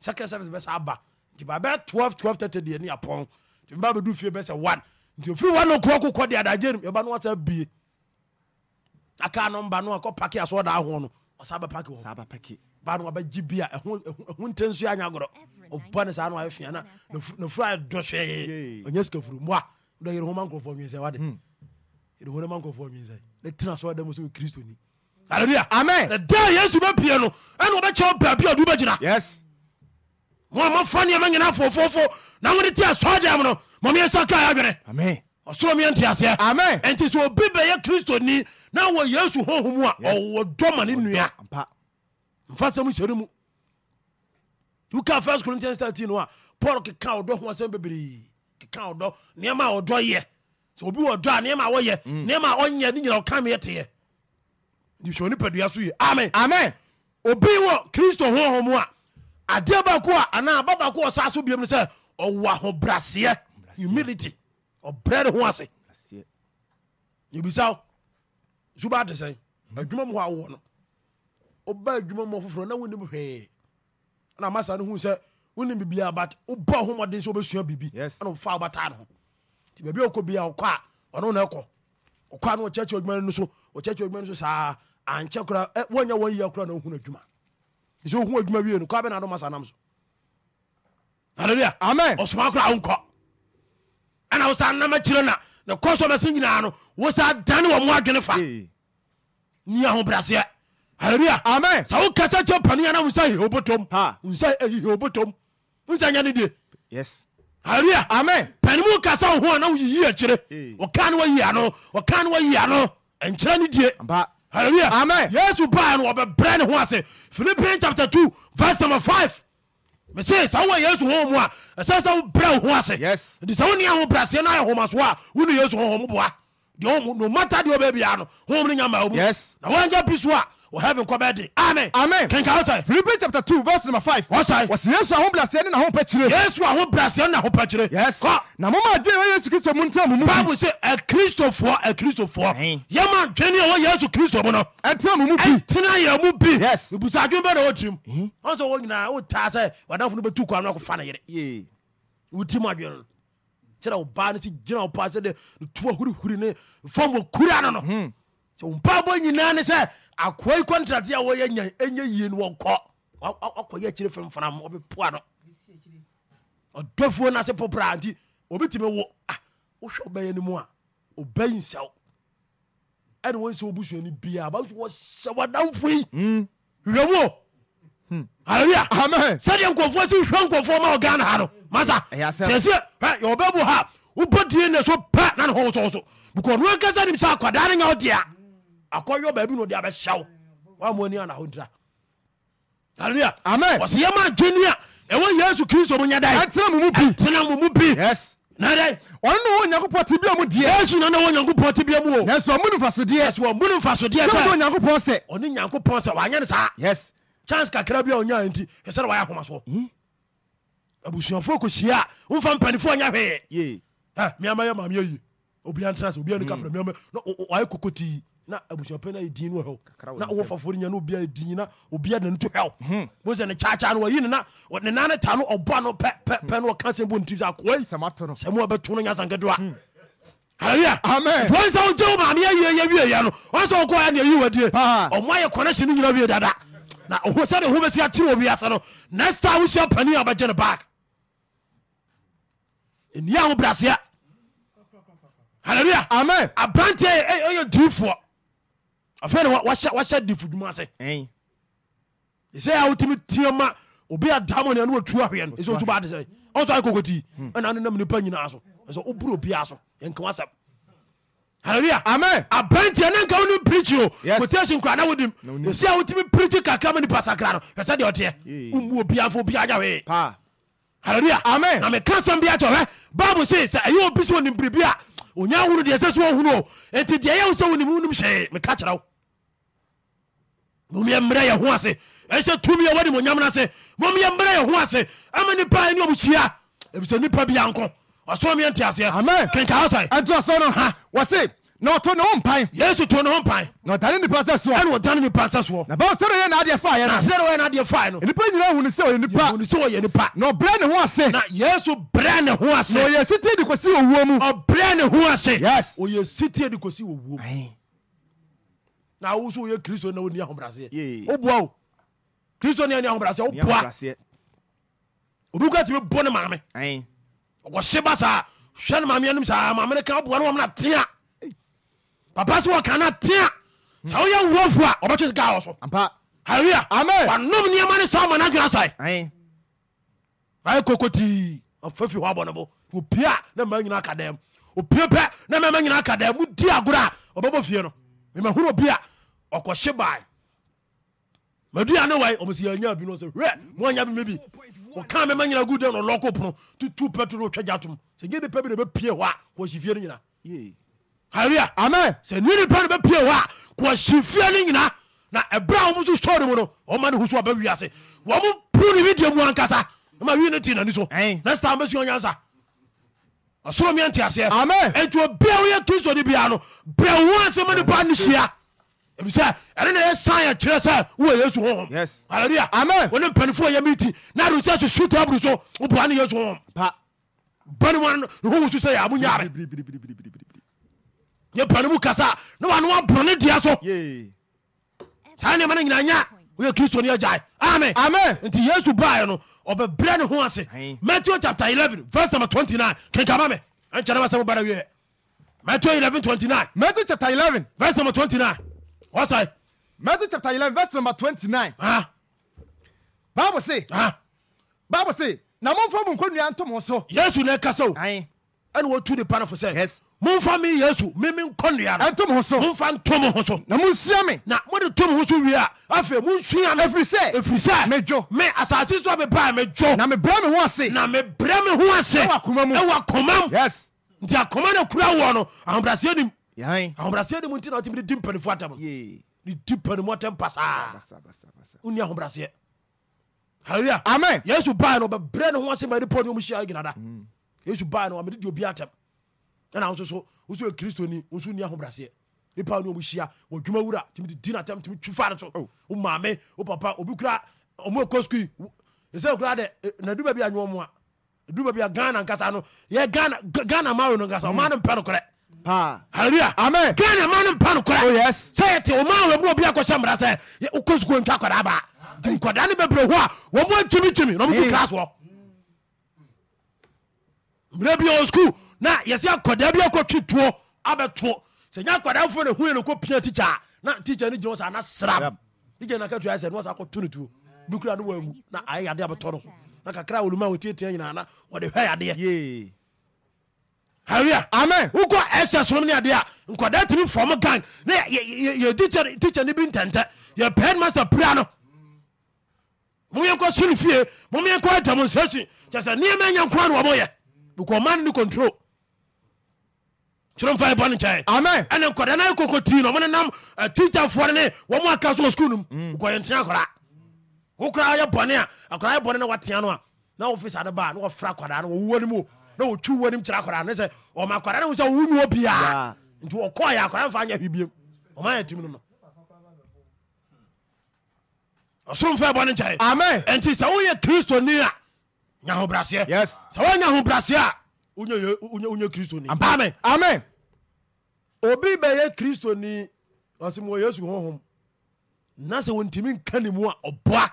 S3: second service bɛsɛ aba nti ba bɛɛ twelve twelve thirty deɛ ni apɔn nti ba bɛ du fie bɛsɛ one nti ofiri one okuro kokɔ di adagye no yaba no wasa bie aka no mba no akɔ paki aso ɔda ahoɔ no ɔsa ba paki wɔ ba paki ba no wabɛgye bi a ɛho ɛho ntɛnsu anya agorɔ ɔbɔ ne saa no ayɛ fia na na fura dɔ hwɛɛ ɔnyɛ sika furu mua ɔdɔ yɛrɛ ho ma nkorɔfoɔ nwinsɛ wade hmm. yɛrɛ ho ma nkorɔfoɔ nwinsɛ ne tena so ɔda mu sɛ kristo ni hallelujah amen na da yesu bɛ pie no ɛna ɔbɛkyɛw baabi a ɔdu bɛgyina yes momafa nneɛma nyina fofofo na mode te asɔdem no momeɛsɛ ka adwene ɔsoro meɛ nteaseɛ ɛnti sɛ obi bɛyɛ kristoni na wɔ yesu hohomu a ɔwɔ dɔ ma ne nua mfa sɛm mu woka first corinthians 13 no paul keka ɔdɔ ho asɛm bebree keka ɔdɔ nneɛma a ɔdɔ obi wɔ a nneɛma a wɔyɛ mm. nneɛma a ɔnyɛ ne nyina ɔka meɛ teɛ nti hwɛ onipadua so ye amen obi wɔ kristo hohomu a adeɛ baako a anaa aba baako a so no sɛ ɔwɔ ahobraseɛ humility ɔbrɛ ne ho ase yɛbisa suba sɛn adwuma mu hɔ no adwuma mu foforɔ na wonim hwee na masa no hu sɛ wonim biribiaa but woba homɔden sɛ wobɛsua biribi ɛna wofa wobɛtaa ne ho nti baabi a wokɔ bia wokɔ na ɛkɔ ɔkɔ na ɔkyɛkyɛ adwuma no so ɔkyɛkyɛ adwuma no so saa ankyɛ sɛ ohu adwuma wie no kwabɛ na adoma sa nam so hallelujah amen ɔsoma koraa wonkɔ ɛna wo nam akyirɛ na ne kɔsɔmɛse nyinaa no wo sa dane wɔ adwene fa ni ahobraseɛ hallelujah amen sɛ wokasa kyɛ panea na wonsa hehobotom wonsa hehobotom wonsa nyɛ ne die yes hallelujah amen panimu kasa wo ho a na akyire wɔka ne wayi ano wɔka ne wayi ano ɛnkyerɛ ne die Hallelujah. Amen. alleluya yesu baa no wɔbɛbrɛ ne ho ase philippians chapter 2 verse number 5 say, someone mese sɛ wowɔ yesu ho mu a ɛsɛ sɛ wobrɛ wo ho ase nti sɛ wonea ho brɛseɛ no ayɛ homasoɔ a wone yesu honhom boa deɛ no matter the baby no honhom no nyama wo mu na woanya bi so a wɔ heaven kɔ bɛ di. amen. amen. kankan sɛ. philippians chapter two verse number five. wɔsɛn. wɔsi yesu ahun bilaseɛ ni n'ahun pɛkyire. yesu ahun bilaseɛ ni n'ahun pɛkyire. yes. kɔ. na mo maa dwen yesu kristo mu ntɛn mu mu bi. baabu sɛ ɛkristofoɔ ɛkristofoɔ. yɛ maa dwen yɛ wɔ yesu kristo mu no. ɛntɛn mu mu bi. ɛntɛn yɛ mu bi. yes. ibusajun bɛ na o tirim. ɔn sɛ o nyinaa o taa sɛ wadanfunu bɛ tu kwan na ko fa na yɛrɛ. o ti mu adwene no kyerɛ o ba ne si gyina o pa sɛ de tuwa hurihuri ne fɔm o kura no no mpabɔ nyinaa ne sɛ akoa yi contract a wɔyɛ nya ɛnyɛ yie no wɔnkɔ wakɔyɛ akyire femfana m ɔbɛpoa no ɔdɔfuo no ase popra nti obɛtumi wo ah, wohwɛ ɔbɛyɛ no mu a ɔbɛ nsɛw ɛne wɔn sɛ wobusuani biaa ba so wɔsɛ wadamfo yi hmm. hwɛ mu o hmm. hallelujah amen sɛdeɛ nkɔfoɔ si hwɛ nkɔfoɔ ma ɔga na ha no masa sɛsɛ yɛwɔbɛbu ha wobɔ die ne so pɛ na ne hɔ wosɔ wo so because no ankasa sɛ akwadaa ne nya wo akɔyɔ baabi na ɔde abɛhyɛw wamɔ ani anaho ntira hallelujah amen wɔsi yɛ maa gye nia ɛwɔ yesu kristo mu nyɛ dɛ ɛtena mu mu bi ɛtena mu mu bi yes nadɛ ɔno na wɔn nyankopɔn te bia mu deɛ yesu na na wɔn nyankopɔn te bia mu o nanso ɔmu ne nfasodeɛ nanso ɔmu ne nfasodeɛ sɛ ɔmu ne nyankopɔn sɛ ɔne nyankopɔn sɛ wanyɛ ne saa yes chance kakra bi a ɔnya nti ɛsɛ na wayɛ akoma soɔ hmm? abusuafoɔ kò si a nfa mpanimfoɔ nya hwee ɛ ah, miama yɛ maame yɛ yie obiara ntena se obiara ne kapra miama ɔayɛ kokotii na abusuapɛ no ayɛ din no wɔ hɔ na wowɔ fafori nya no obia din na obia da no to hɛw bose hmm. ne kyaakyaa no wayi ne na ne na ne ta no ɔbɔa no pɛpɛ no ɔka sɛ bɔ ntim sɛ akoai sɛ mu wabɛto no nya sankedoa hmm. hallelujah amen wọn sọ wọn jẹ wọn maame ayi yẹ wie yẹ no wọn sọ wọn kọ ẹni eyi wọn die ọmọ ayẹ connection nyina wie dada na ọhún sani ọhún bẹ si akyiri wọn bi ase no next time wusi apani a bẹ ne bag ènìyàn ahun brasiya hallelujah amen Abante ẹ ẹ diifoɔ afei na wahyɛ difo dwuma ase ɛsɛ a ah, wotumi teɛ ma obi adamo ne ɛne watu ahweɛ no ɛsɛ wotu baade sɛ ɔnso ayɛ kokoti hmm. ɛna ne nam nipa nyinaa so ɛsɛ woburu obiaa so yɛnka wasɛm hallelujah amen abirante ɛna nka wone pirikyi o quotation kora na wodim ɛsɛ a wotumi pirikyi kakra ma nipa sakra no ɛsɛ deɛ ɔteɛ womu obiaa mfa obiaa agya hwee hallelujah amen na meka sɛm bi akyɛ hwɛ bible se sɛ ɛyɛ obi sɛ onim biribi a onya wono deɛ ɛsɛ sɛ wɔhunu o enti deɛ ɛyɛ wo sɛ wonim wonim hyee meka kyerɛ wo momyɛmmerɛ yɛ ho ase ɛsɛ tumi a wɔde mo nyam no ase momyɛmmerɛ yɛ ho ase ama nipa ne ɔmuhyia ɛfisɛ nipa bi anko ɔsoro miɛ nte aseɛ amen kenka asa ɛntoa so no ha wɔse na ɔto ne ho mpan yesu to ne ho mpan na ɔdane nipa nsa soɔ ɛne ɔdane nipa nsa soɔ na bɛwo sɛde ɔyɛ naadeɛ faeɛ no sɛde ɔyɛ naadeɛ fae no nipa nyina hu ne sɛ ɔyɛ nipa hu ne sɛ ɔyɛ nipa na ɔbrɛ ne ho ase na yesu brɛ ne ho ase na ɔyɛ sitie de kɔsi owuo mu ɔbrɛ ne ho ase yes ɔyɛ sitie de kɔsi owuo mu na wo so woyɛ kristo na woni ahobraseɛ woboa o kristo ne ani ahobraseɛ woboa obi kora tumi bɔ ne maame wɔhye ba saa hwɛ no maame anom saa maame no ka woboa no wɔmna tea papa sɛ wɔka no tea sɛ woyɛ wurɔfo a ɔbɛtwe sika wɔ so halleluya wanom nneɛma ne saa ma no adwena sae ayɛ kokotii ɔfa fi hɔ abɔ no bo opia na ma nyina aka dɛm opie pɛ na mɛma nyina aka dɛm wodi agorɔ a ɔbɛbɔ fie no memahunu obi a ɔkɔhye bae maduane wai ɔmo sɛ yɛanya bi no sɛ hwɛ moanya bi mɛbi wɔka mɛma nyina gu dɛn ɔlɔko pono tutu pɛto no twagya tom sɛ nye nipa bi ne bɛpie hɔ a kɔhye fie no nyina halleluya amen sɛ nne nipa no bɛpie hɔ a kɔhye fie no nyina na ɛberɛ a wɔm so sɔre mu no ɔma ne ho so ɔbɛwi ase wɔmo puru ne wideɛ mu ankasa ma wi no ti nani so next time bɛsua nyansa ɔsoro miɛ nteaseɛ amen ɛnti obia woyɛ kristo no biaa no brɛ wo asɛm nipa no hyia ebisɛ ɛne na yɛsan yɛkyerɛ sɛ wowɔ yesu honhom aleluya amen wone mpanifo yɛ meti na ade sɛ susu tabru so woboa ne yesu honhom pa bane wa ne ho wusu sɛ yɛabo nyare yɛ pane mu kasa ne wa ne waborɔ ne dea so saa nneɛma no nyina nya woyɛ kristo ne agyae amen amen nti yesu baeɛ no ɔbɛbrɛ ne ho ase matthew chapter 11 verse number 29 kenkama me ɛnkyɛne ba sɛ mobara wieɛ matthew 11 29 matthew chapter 11 verse number 29 ɔsae matthew chapter eleven verse number twenty nine Ah, bible Ah, bible se na momfa mu nkonnua ntom so yesu na ɛkasa o ɛne wɔtu nipa no fo sɛ momfa me yesu meme nkɔnnua no ntom ho so momfa ntom ho so na monsia me na mode tom ho so wie a afei monsua me ɛfiri sɛ ɛfiri sɛ medwo me asase so a mebaa medwo na mebrɛ me ho ase na mebrɛ me ho ase ɛwɔ akoma mu ɛwɔ akoma mu nti akoma no kura wɔ no ahobraseɛ nim ahobraseɛ de mu nti na wotumi de di mpanifo atam no ne di mpanimɔ atam pasaa wonni ahobraseɛ hallelujah amen yesu baa no ɔbɛbrɛ ne ho ase ma nipa ne ɔmu hyia gyina da mm. yesu baa no amede di obi atam ɛna wo nso so wo so yɛ kristoni wo nso ni ahobraseɛ nipa ne ɔmu hyia wɔdwuma wura tumi de di natam tumi twi fa ne so oh. wo maame wo papa obi kura ɔmo ɛkɔ sukuu ɛsɛ kura dɛ e, naduma bi anwɔ mu a naduma bi a ghana nkasa no yɛ ghana ghana maa wɔ no nkasa ɔmaa no mpɛ no korɛ halleluya amen ghana ma no mpa nokora oh, yes. sɛ yɛte wo ma wɔmu obi akɔhyɛ mmara sɛ wokɔ sukuo ntwa akwadaa baa nti nkwadaa ne bɛbrɛ hɔ a wɔmo akyimikyimi na ɔmgu class wɔ mmerɛ bi ɔwɔ skul na yɛsɛ akwadaa bi akɔtwe toɔ abɛto sɛ nya akwadaa mfo ne huɛ no kɔ pia tikya a na tikya no gyina wɔ sɛ ana sram tikya no ka tuaɛ sɛ ne wɔ sɛ akɔto no tuo bi kura no waamu na ayɛ yade abɛtɔ no ho na kakra wɔluma wɔtiatia nyinaa na wɔde hwɛ yadeɛ amen wokɔ ɛsɛ sonom ne adeɛ a nkɔda tumi fɔm gang na yɛ teacher no bi ntɛntɛ yɛ pan master pra no momeɛnkɔ sone fie momeɛnkɔ demonstration kyɛ sɛ nneɛma nya nkoa no wɔmoyɛ because man ne control kyerɛ ɛbɔ no kyɛe amen ɛne nkɔda no ɛkɔkɔ tii no ɔmone nam teacherfoɔ ne wɔmo aka so wɔ skul nom mm. because yɛntea akɔraa wo yɛ bɔne a akɔraa yɛ bɔne na watea no a na wofi baa na wɔfra akɔdaa no wɔwuwa no mu o na wɔtwi wɔ nim kyerɛ akwadaa ne sɛ ɔma akwadaa ne ho sɛ wowu nuɔ biaa nti wɔkɔɔ yɛ akwadaa mfa nyɛ hwibiem ɔma yɛ tim no no ɔsomfa bɔ ne nkyɛe amen enti sɛ woyɛ kristoni a nya ahobraseɛ yes sɛ woanya ahobraseɛ a wonyɛ kristoni amen amen obi bɛyɛ kristoni ɔsɛmwɔ yesu honhom na sɛ wɔntimi nka ne mu a ɔboa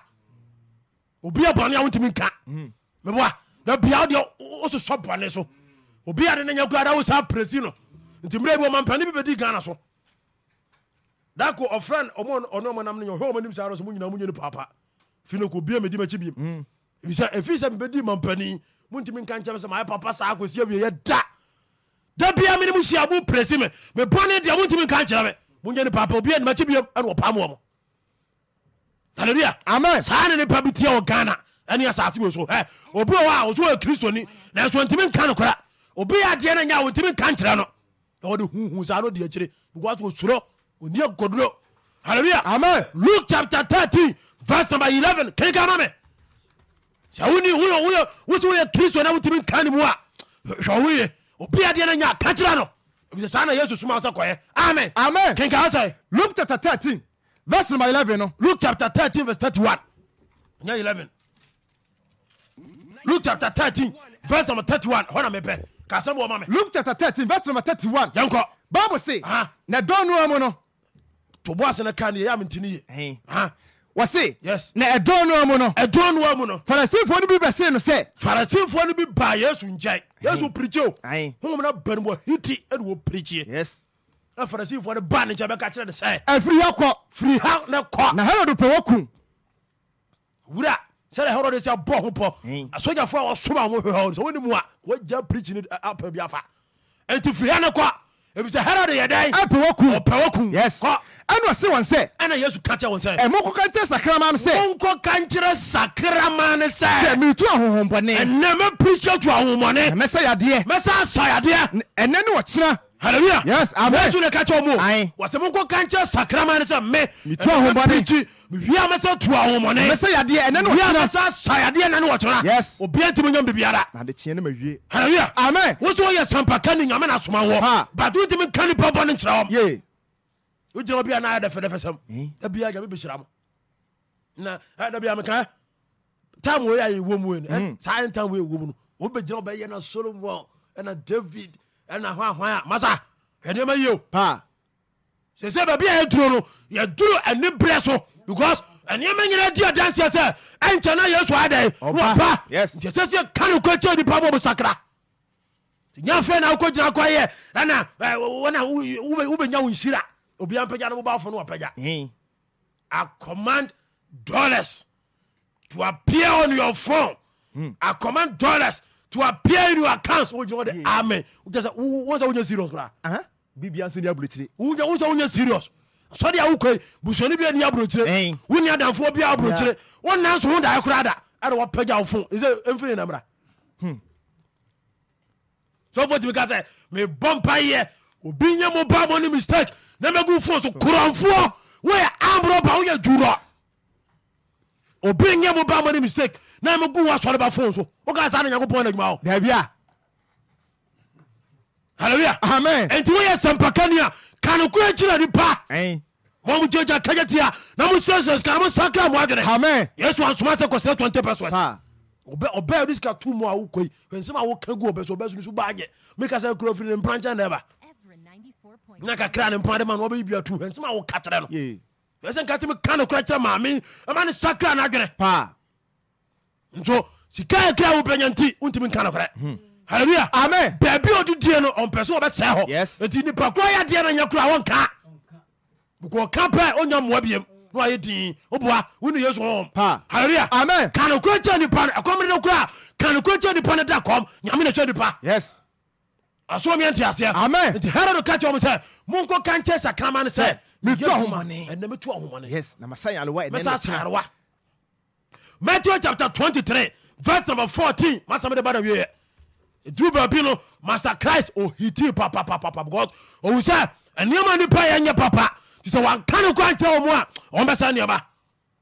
S3: obi abɔne a wontimi nka mm. meboa na bia deɛ wososɔ bɔne so obi ade ne nya kura da wo saa presi no nti mmerɛ bi ɔmampane bi bɛdi ghana so dako ɔfrɛn ɔmo ɔno ɔmo nam ne yɛ ɔhɛ ɔmo nim saa so munyina nyinaa mo nyɛ ni fi no ko bie medi m'akyi bie efisɛ mm. efi sɛ mbɛdi mampani mo ntumi nka nkyɛn sɛ maa yɛ papa saa akosi awie yɛ da da bia mi ni mo si abo presi me mi bɔne deɛ mo ntumi nka nkyɛn mi mo papa ni paapa obi yɛ ni m'akyi bie ɛna mo ɔmo hallelujah amen saa ne nipa bi tia wɔ ghana ɛne asase wɔ so eh? obi wɔ a ɔso wɔ kristoni nanso ntumi nka no kora obi adeɛ no nyɛ a ɔntumi nka nkyerɛ no na wɔde huhu saa no di akyire because wɔsuro ɔni agoduro hallelujah amen luke chapter thirteen verse number eleven kenka ma me sɛ woni woyɛ woyɛ wosi kristo na wotumi nka ne mu a hwɛ wo obi adeɛ no nyɛ a ka kyerɛ no ebi sɛ saa na yesu suma sɛ kɔyɛ amen amen kenka sɛ luke chapter thirteen verse number eleven no luke chapter thirteen verse thirty one ɛnyɛ eleven luke chapter thirteen, verse number thirty one. hɔ na mepɛ kasɛm wɔ ma me luke chapter thirteen, verse number thirty 31 yɛnkɔ bible se na dɔn no mu no tobo ase no ka ne yɛyɛ mentini ye wɔse yes na ɛdɔn no mu no ɛdɔn no mu no farisifoɔ no bi bɛsee no sɛ farisifoɔ no bi baa yesu nkyɛn yesu pirikyi o honhom no ba no mu ahiti ɛne wɔ yes na farisifoɔ no baa ne nkyɛn bɛka kyerɛ ne sɛ ɛfiri ha kɔ firi ha ne kɔ na herod pɛ wɔ kum wura sɛde hɛrɛ de sɛ bɔ ho pɔ asogyafoɔ a wɔsoma mo hwehɛ sɛ wone mu a wɔgya prikyi no eh, apa bi afa enti firi ha no kɔ ɛfisɛ herode yɛ dɛn apɛ waku ɔpɛ waku kɔ ɛna ɔse wɔn sɛ ɛna yesu ka kyerɛ wɔn sɛ ɛmo nkɔka nkyerɛ sakraman sɛ monkɔ ka nkyerɛ sakraman sɛ sɛ meretu ahohombɔne ɛnɛ mɛpirikyi atu ahohombɔne mɛsɛ yadeɛ mɛsɛ asa yadeɛ ɛnɛ ne wɔkyena hallelujah yes amen yesu ne ka kyɛ mu wɔsɛ mo nkɔ ka nkyɛ sakraman ne sɛ me tu ahomɔne kyi wia mɛ sɛ tu ahomɔne mɛ sɛ yadeɛ ɛnɛ ne wɔkyena mɛ sɛ sa yadeɛ ɛnɛ ne wɔkyena yes obia ntimi nyam biribiara ade kyeɛ ne ma wie hallelujah amen wo sɛ wɔyɛ sampaka ne nyame na asoma wɔ but wotimi ka nipa bɔ ne nkyerɛ wɔm ye wogyina wɔ bia na ayɛ dɛfɛdɛfɛ sɛm abia gya bɛbɛhyira mo na ɛda bia meka time wei ayɛ wɔ mu ei saa time wei wɔ mu no wobɛgyina wobɛyɛ na solomon ɛna david ɛna hwan hwan a masa ɛnneɛma yio paa sese baabi a yɛduro no yɛduro ɛne berɛ so because ɛnneɛma nyina di adanseɛ sɛ ɛnkyɛ na yesu adɛn wɔpa nti ɛsɛ sɛ ka no kɔkyɛ nipa bɔ mu sakra nya fɛ na wokɔgyina kɔyɛ ɛna wobɛnya wo nhyira obia mpagya no wobafo no wɔpagya i command dollars to appear on your phone mm. i command dollars to appear in your accounts wo gyina hɔ de amen wo kyerɛ sɛ wo sɛ wo nyɛ serious koraa bibia nso ni aburokyire wo nyɛ wo sɛ wo nyɛ serious sɔde a wokɔi busuani bia ni aburokyire wo ni adamfoɔ bia aburokyire wo nan so ho daeɛ koraa da ɛna wɔpɛgya wo fon ɛsɛ ɛmfiri namra sɔfo timi ka sɛ mebɔ mpayɛ obi nyɛ mo ba mɔ ne mistake na mɛgu fon so korɔmfoɔ woyɛ amborɔ ba woyɛ dwurɔ obi yɛ mo ba mo ne mistake na mo gu wa wasɔre ba fon so o ka saa na nyankopɔn na juma o. dabi a. hallelujah. amen. wo nti woyɛ sɛmpakani a jira ni pa. ɛn. mo mu jẹjẹ kẹjẹ tia na mo sẹsẹ sika na mo sakira mo adwene. amen. yesu asoma sɛ kɔsɛ twenty percent. ọbẹ ọbẹ yẹn sika tu mu awo koyi nsɛm awo kan gu ọbẹ so ọbẹ sunsun b'a yẹ mi ka se kuro firi ne mprankyɛn na ɛba. na ni ne de ma n'o ɔbɛ yi bi atu nsɛm awo kakyerɛ no. ɛsɛ nka timi ka no kora kyerɛ maame ɛma ne sakra no adwene paa nso sika ɛkra wobɛnya nti wontimi nka no korɛ halleluya amen baabi a ɔdedie no ɔmpɛ so wɔbɛsɛe hɔ enti nipa kora yɛ adeɛ no nyɛ kora wɔnka bikɔ ɔka pɛ ɔnya mmoa biam na wayɛ dii woboa wone yesu wɔm halleluya amen ka no kora kyerɛ nipa no ɛkɔmmere no kora ka no kora kyerɛ nipa no da kɔm nyame na kyerɛ nipa yes asoɔ miɛ nte aseɛ amen nti herod ka kyerɛ m sɛ monkɔ ka nkyɛ sakraman sɛ metu ahomane yes Matthew chapter twenty three verse number fourteen masami de ba da wiyɛ duru baabi no Master Christ ohiti papapapa because owu oh, sɛ nneɛma nipa yɛ nyɛ papa ti sɛ wanka ne kwan kyerɛ wɔn mu a wɔn bɛ sa nneɛma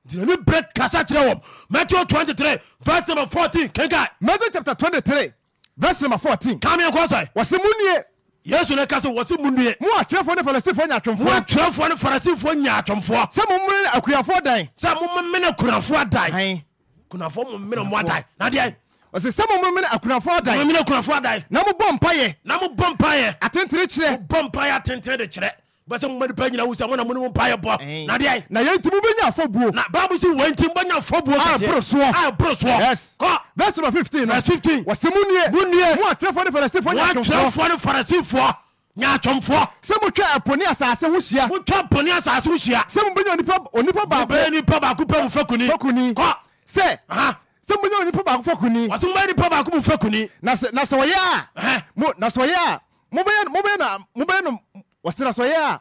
S3: ntɛnɛni bread kasa kyerɛ wɔn Matthew twenty three verse number fourteen kankan. Matthew chapter twenty three verse number fourteen. kàmi ɛkɔ sɛ. wɔsi mu nie yesu ne ka sɛ wɔ se munue mo atwerɛfoɔ ne farisifoɔ nya atwomfoɔ moatwerɛfoɔ ne farisifoɔ nya atwomfoɔ sɛ mommene akuafoɔ dan sɛ momemene kunafoɔ dan kunafoɔ momene mo adan nadeɛ ɔsɛ sɛ momemene akunafoɔ dan momemene kunafoɔ dan na mobɔ mpayɛ na mobɔ mpayɛ atentere kyerɛ mobɔ mpayɛ atentere de kyerɛ bɛsɛ moma nipa nyina wo sɛ mona mone mu mpayɛ bɔ nadeɛ na yɛntimi bɛnya afɔbuo na bible sɛ wɔntim bɛnya afɔbuoaboro soɔ verse number 15 verse 15 wɔsɛ mu nie mu nie mu atwerɛfoɔ ne farisifoɔ nyɛ atwerɛfoɔ ne farisifoɔ nyɛ atwomfoɔ sɛ motwa ɛpo ne asase ho hyia motwa po ne asase ho hyia sɛ mobɛnya onipa onipa baako bɛyɛ nipa baako pɛ mu fakuni fakuni kɔ sɛ sɛ mobɛnya onipa baako fakuni wɔsɛ mobɛyɛ nipa baako mu fakuni na sɛ wɔyɛ a na sɛ wɔyɛ a mobɛyɛ no mobɛyɛ no wɔsena so yɛ a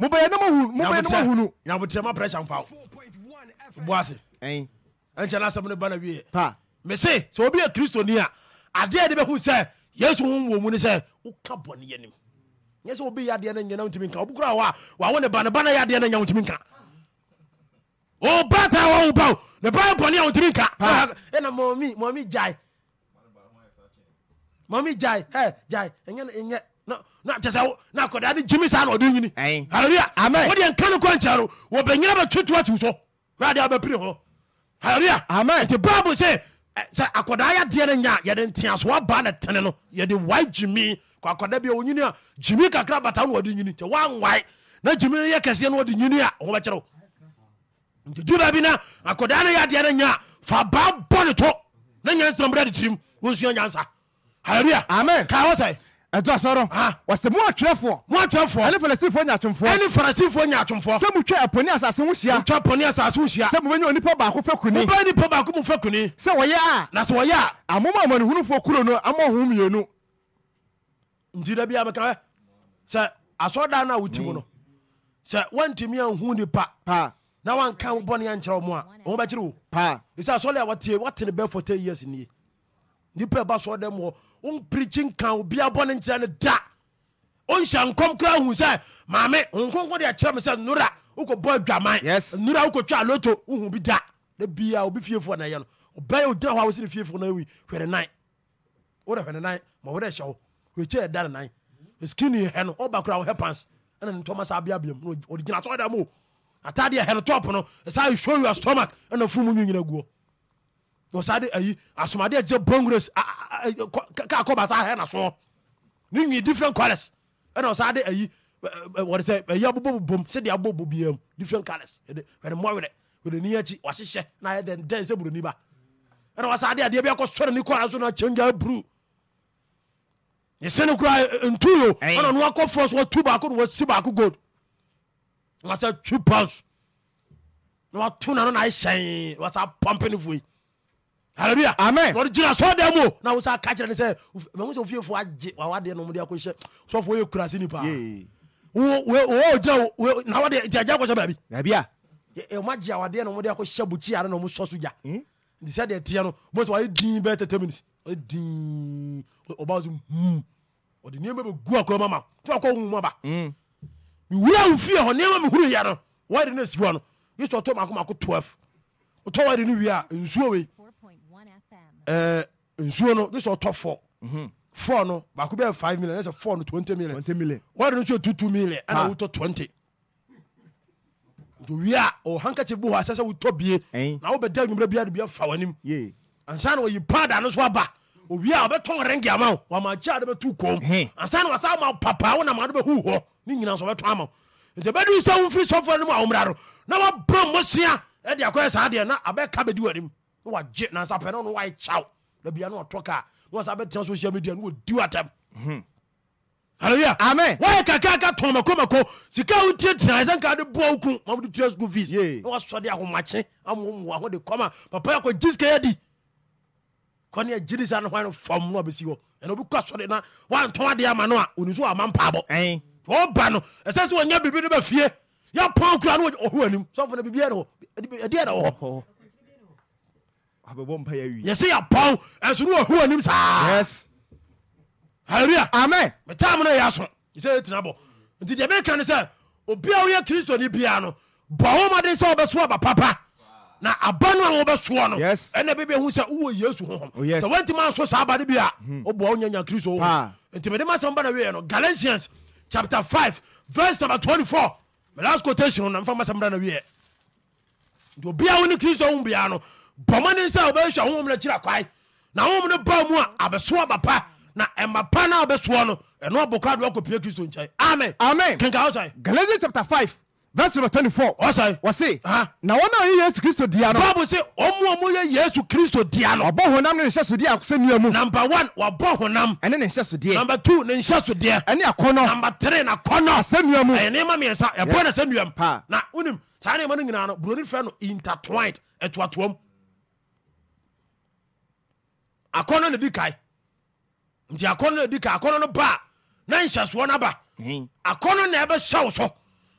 S3: mobɛyɛ ne mobɛyɛ ne mahunu nyabotrɛma pressure mfa wo bo ase ɛn ɛnkyɛ no asɛm no ba na wieɛ pa mese sɛ obi yɛ kristoni a adeɛ de bɛhu sɛ yesu ho wɔ mu ne sɛ woka bɔne yɛnim nyɛ sɛ wobɛyɛ adeɛ no nyɛna wotumi nka wobokora wɔ a wawo ne ba ne ba no yɛ adeɛ no nya wotumi nka ɔba wɔ wo ba ne ba bɔne a wotumi nka ɛna mɔmi mɔmi gyae mɔmi gyae ɛ gyae ɛnyɛ ɛnyɛ kyɛsɛnakɔdaa de gyimi saa na ɔde nyini halleluya wodeɛ nka no kwankyɛ no wɔbɛnyina bɛtwetoa tiw so wade wobɛpire hɔ halleluya nti bible sɛ sɛ akɔdaa yɛadeɛ no nya yɛde nteasoa baa ne tene no yɛde wae gyimi akɔda bia ɔnyini a gyimi kakra bata no wɔde nyini nti woanwae na gyimi no yɛ kɛseɛ no wɔde nyini a ɔho bɛkyerɛ wo nti du baabi na akɔdaa no yɛadeɛ no nya fa baa bɔ ne to na nyansa mbrɛ de tirim wɔnsua nyansa halleluya amen kaa wɔ sɛ ɛto asɔrɔ ah. wɔsɛ mo atwerɛfoɔ mo atwerɛfoɔ ɛne falasifoɔ nyatomfoɔ ɛne falasifoɔ nyatomfoɔ sɛ motwa ɛpo ne asase ho hyia motwa ɛpo ne asase ho hyia sɛ mobɛnya onipa baako fɛ kuni mobɛnya nipa baako mu fɛ kuni sɛ wɔyɛ a na sɛ wɔyɛ a amoma amanehunufoɔ kuro no ama ɔho mmienu nti da bia mɛka sɛ asɔda no a wotim no mm. sɛ woantumi anhu nipa na wanka wo bɔne ankyerɛ wo mu a ɔho bɛkyere wo ɛsɛ asɔle a wɔtee wɔtene bɛfɔ 10 years nie nipa ɛba sɔ dɛ mɔ ɔmpirikyi nkan obia bɔ ne nkyerɛ no da ɔnhyɛ nkɔm kora hu sɛ maame nkonko deɛ kyerɛ me sɛ nora wokɔbɔ adwaman nora wokɔtwa aloto wohu bi da da bia obi fiefoɔ na ɛyɛ no ɔbɛyɛ ogyina hɔ a wosene fiefoɔ no awi hwɛne nan wodɛ hwɛne nan ma wodɛ hyɛ wo hwɛkyɛ ɛda ne nan skini hɛ no ɔba kora wohɛ pans ɛna ne ntɔma saa biabiam ɔgyina sɔdɛ mo atadeɛ hɛ no tɔp no ɛsaa ɛshow your stomach ɛna furu mu nwinyina guɔ ɔsade ayi asomadeɛ gye bongres ka kɔba sa hɛ na soɔ ne nwi different colors ɛna ɔsade ayi eh, eh, wɔde sɛ ɛyi abobɔ bobom sɛdeɛ abobɔ bobiam different colors ɛde mmɔwerɛ wɔde ni akyi wahyehyɛ na ayɛ dɛndɛn sɛ buroni ba ɛna wasade adeɛ bi akɔ sɔre ne kɔra so na kyɛngya aburu yɛsɛne kora eh, ntu yo ɛna no wakɔ fɔ so watu baako na wasi baako gold na wasɛ two pounds na wato na no na ayɛ hyɛn wasa pɔmpe ne foi hallelujah amen lɔri gyina sɔɔda mu na wosan ka kyerɛ ne sɛ mɛmu sɛ ofie fo agye wawadeɛ na ɔmɔde akɔhyɛ sɔfo oyɛ kurasi ni paa wɔwɔ gyina na wadeɛ nti agya akɔhyɛ baabi baabi a ɔmɔ agye awadeɛ na ɔmɔde akɔhyɛ bukyi ara na ɔmɔ sɔ so gya nti sɛ deɛ teɛ no mo sɛ wayɛ din bɛɛ tɛtɛ minis ɔyɛ din ɔba so hmm ɔde nneɛma bɛ gu akɔ ma ma to akɔ ohun ma ba wura nfie hɔ nneɛma mi huru yɛ no wɔyɛ de ne si hɔ no yɛ sɔ to mako mako twelve ɔtɔ wɔyɛ de ne wie a nsuo wei Eh, nsuo no sɛ ɔtɔ fɔ four no baako bɛyɛ five million ɛsɛ four no twenty million twenty million wɔde no sɛ two two million ɛna ah. wotɔ twenty nti wia o handkerchief bi hɔ asɛ sɛ wotɔ bie na wobɛda nwummerɛ bia de bia fa w'anim ansa na wɔyi paada no so aba owia ɔbɛtɔn renge ama wo wama akyi ade bɛtu kɔm ansa na wasa ama papa wo nam ade bɛhu hɔ ne nyina nso ɔbɛtɔn ama wo nti bɛdi sɛ wofiri sɔfoɔ no mu a womra no na wɔbrɛ mmɔsia ɛde akɔyɛ saa deɛ na abɛka bɛdi w'anim na wagye nansa ne no kyaw na bia ne ɔtɔ kaa na wasa bɛtena social media ne wɔdi watɛm mhm. hallelujah amen wọ́n yẹ kàkà kà tọ̀ mẹ́kọ́ mẹ́kọ́ sika awo tiẹ̀ tiẹ̀ ẹ̀sẹ̀ nǹkan de bọ́ okun mọ́mú de tiẹ̀ school fees ní wọ́n sọ de ahomakye amuomu ahọ́ de kọ́mà papa yẹ kọ́ jísí kẹ́yẹ́ di kọ́ni ẹ̀ jírí sa ni wọ́n fọ́m ní ọ̀bẹ si wọ́ ẹ̀nà obi kọ́ sọ́de na wọ́n tọ́ adé ama no a onísù wà má mpa bọ́ ba no ẹ̀sẹ̀ sẹ́ wọ́n nyẹ bìbí ni bẹ́ fie yà pọ́n kura ni wọ́n yɛsɛ yɛbɔw ɛso ne wahu anim saa halleluya amen metaa mo no ɛyɛ aso sɛ ɛtina bɔ nti deɛ meka ne sɛ obia woyɛ kristoni biaa no bɔ wo maden sɛ wobɛsoa aba papa na aba no a wobɛsoɔ no ɛna bɛbia hu sɛ wowɔ yesu hohom oh, sɛ woantimi anso saa aba no bi a woboa hmm. wonyanya kristo hohom nti mede masɛm ba na wieɛ no galatians chapter 5 verse number 24 me last quotation no na mfa masɛm bra na wieɛ nti obia wo ne kristo ho biaa no bɔmane sɛ wobɛhwɛ honhom no kyira kwae na honhom no ba mu a abɛsoa ba pa na ɛma pa na a no ɛno abɔkora de wakɔpia kristo nkyɛn amen amen kenka wo sɛe galatians chapter 5 verse number na wɔn a yesu kristo dia no bible sɛ yesu kristo no ɔbɔ honam ne nhyɛsodeɛ mu number one wɔbɔ honam ɛne ne nhyɛsodeɛ number two ne nhyɛsodeɛ ɛne number three na mu ɛyɛ nneɛma ɛbɔ na mu na saa nneɛma nyinaa no buroni no intertwined akɔnɔ ne di kae nti akɔnɔ ne di kae akɔnɔ no ba na nhyɛsoɔ no ba akɔnɔ na ɛbɛhyɛ wo so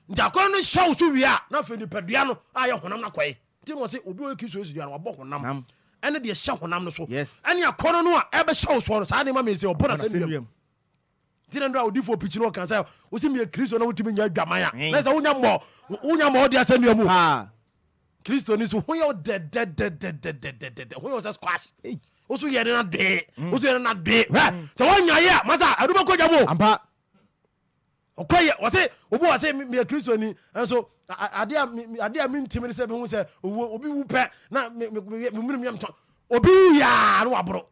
S3: nti akɔnɔ no hyɛ wo so wie na afei nipadua no ayɛ honam no akɔe nti wɔ sɛ obi ɔyɛ kristo yesu dua no wabɔ honam ɛne deɛ hyɛ honam no so ɛne akɔnɔ no a ɛbɛhyɛ wo soɔ no saa nneɛma mɛsɛ ɔbɔ nasɛ nnuam nti na ndo a odiifoɔ pikyi no ɔka sɛ wo sɛ meyɛ kristo na wotumi nya adwaman a na sɛ wonya mmɔ wonya mmɔ ɔde asɛ nnuamu kristo ni so ho yɛ wo dɛdɛdɛdɛdɛdɛdɛ ho yɛ wo sɛ squash woso yɛne na dee woso mm. yɛne na dee hwɛ sɛ woanya yɛ a aduba adoma kɔgya mo ampa ɔkɔyɛ ɔse obi wɔ sɛ meyɛ kristoni nso adeɛ a mi ne sɛ mehu sɛ obi wu pɛ na mi mi mi mi mi mi mi mtɔ obi wu yaa ne waboro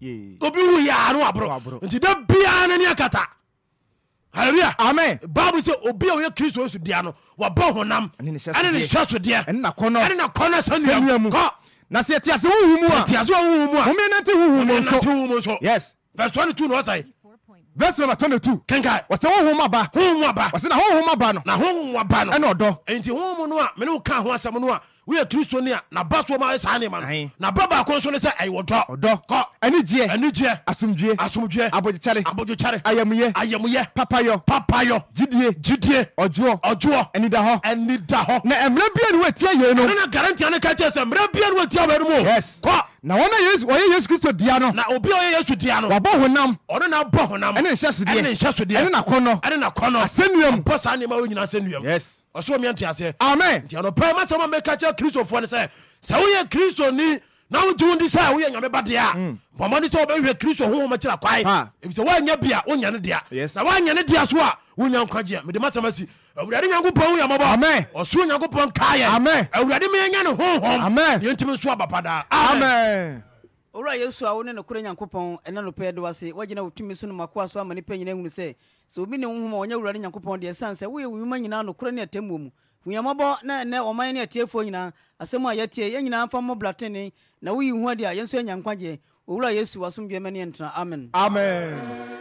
S2: obi
S3: wu yaa ne waboro nti da biara ne neɛ kata hallelujah amen baabu sɛ obi a oyɛ kristo yesu deɛ no wabɔ honam ɛne ne hyɛ sodeɛ ɛne na kɔnɔ sɛ nnuam kɔ na sɛ yɛte ase wowu mu a te mu a home nante wowu mu nso yes verse twenty two na ɔsɛ verse number twenty two kenka wɔsɛ honhom aba honhom aba wɔsɛ na honhom aba no na honhom aba no ɛna ɔdɔ nti honhom no a mene wo ka ho asɛm no a woyɛ kristo ni a naba so ma ayɛ saa nneɛma no Aye. naba baako nso ne sɛ ɛyɛ wɔdɔ ɔdɔ kɔ anigyeɛ anigyeɛ asomdwie asomdwoɛ abogyechare abodwokyare ayamyɛ ayamyɛ papayɔ papayɔ gyidie gyidie ɔdwoɔ ɔdwoɔ anida hɔ ɛni da hɔ na mmerɛ bia ne wɔatia yei no ɛno na garantia ne ka kyerɛ sɛ mmerɛ bia ne wɔtia bɛno mu Yes. kɔ na wɔn a Yesu- wɔyɛ yesu kristo dea no na obi a ɔyɛ yesu dea no wɔabɔ honam ɔno na abɔ honam ɛne nhyɛ sodeɛ ɛne nhyɛsodeɛ ɛne nakɔnnɔ ɛne nakɔnɔ asɛnnuam bɔ saa nneɛma wɔ nyinaa sɛ yes ɔsɛɔmia nteaseɛ amen nti anɔpɛ ma sɛ ma mɛka kyerɛ kristofoɔ no sɛ sɛ woyɛ kristoni na wogye wo di sɛ woyɛ nyame ba deɛ a mm. bɔmmɔde sɛ wobɛhwɛ kristo honhoma kyerɛ kwae ɛfisɛ woanyɛ bia wonyɛ ne dea na woanyɛ ne dea so a wonya nkwagyeɛ mede masɛm asi awurade nyankopɔn woyamɔbɔ ɔsoro nyankopɔn kaayɛ awurade meɛnya ne honhom yɛntimi nso aba padaa amen
S2: owura yesu a wo ne nokorɛ nyankopɔn ɛna nopɛɛ de wase woagyina wotumi so nomakoa so ama nipa nyina hunu sɛ sɛ obi ne wo homa ɔnyɛ awurade nyankopɔn deɛ ɛsiane sɛ woyɛ wonwuma nyinaa nokorɛ ne atammuo mu hunyamɔbɔ na ɛnɛ ɔman ne atiefoɔ nyinaa asɛm a yɛtie yɛn nyinaa fa bra tene na woyi ho adi a yɛn nso anya nkwagyeɛ owura yesu wasomdwamane ɛntena amen amen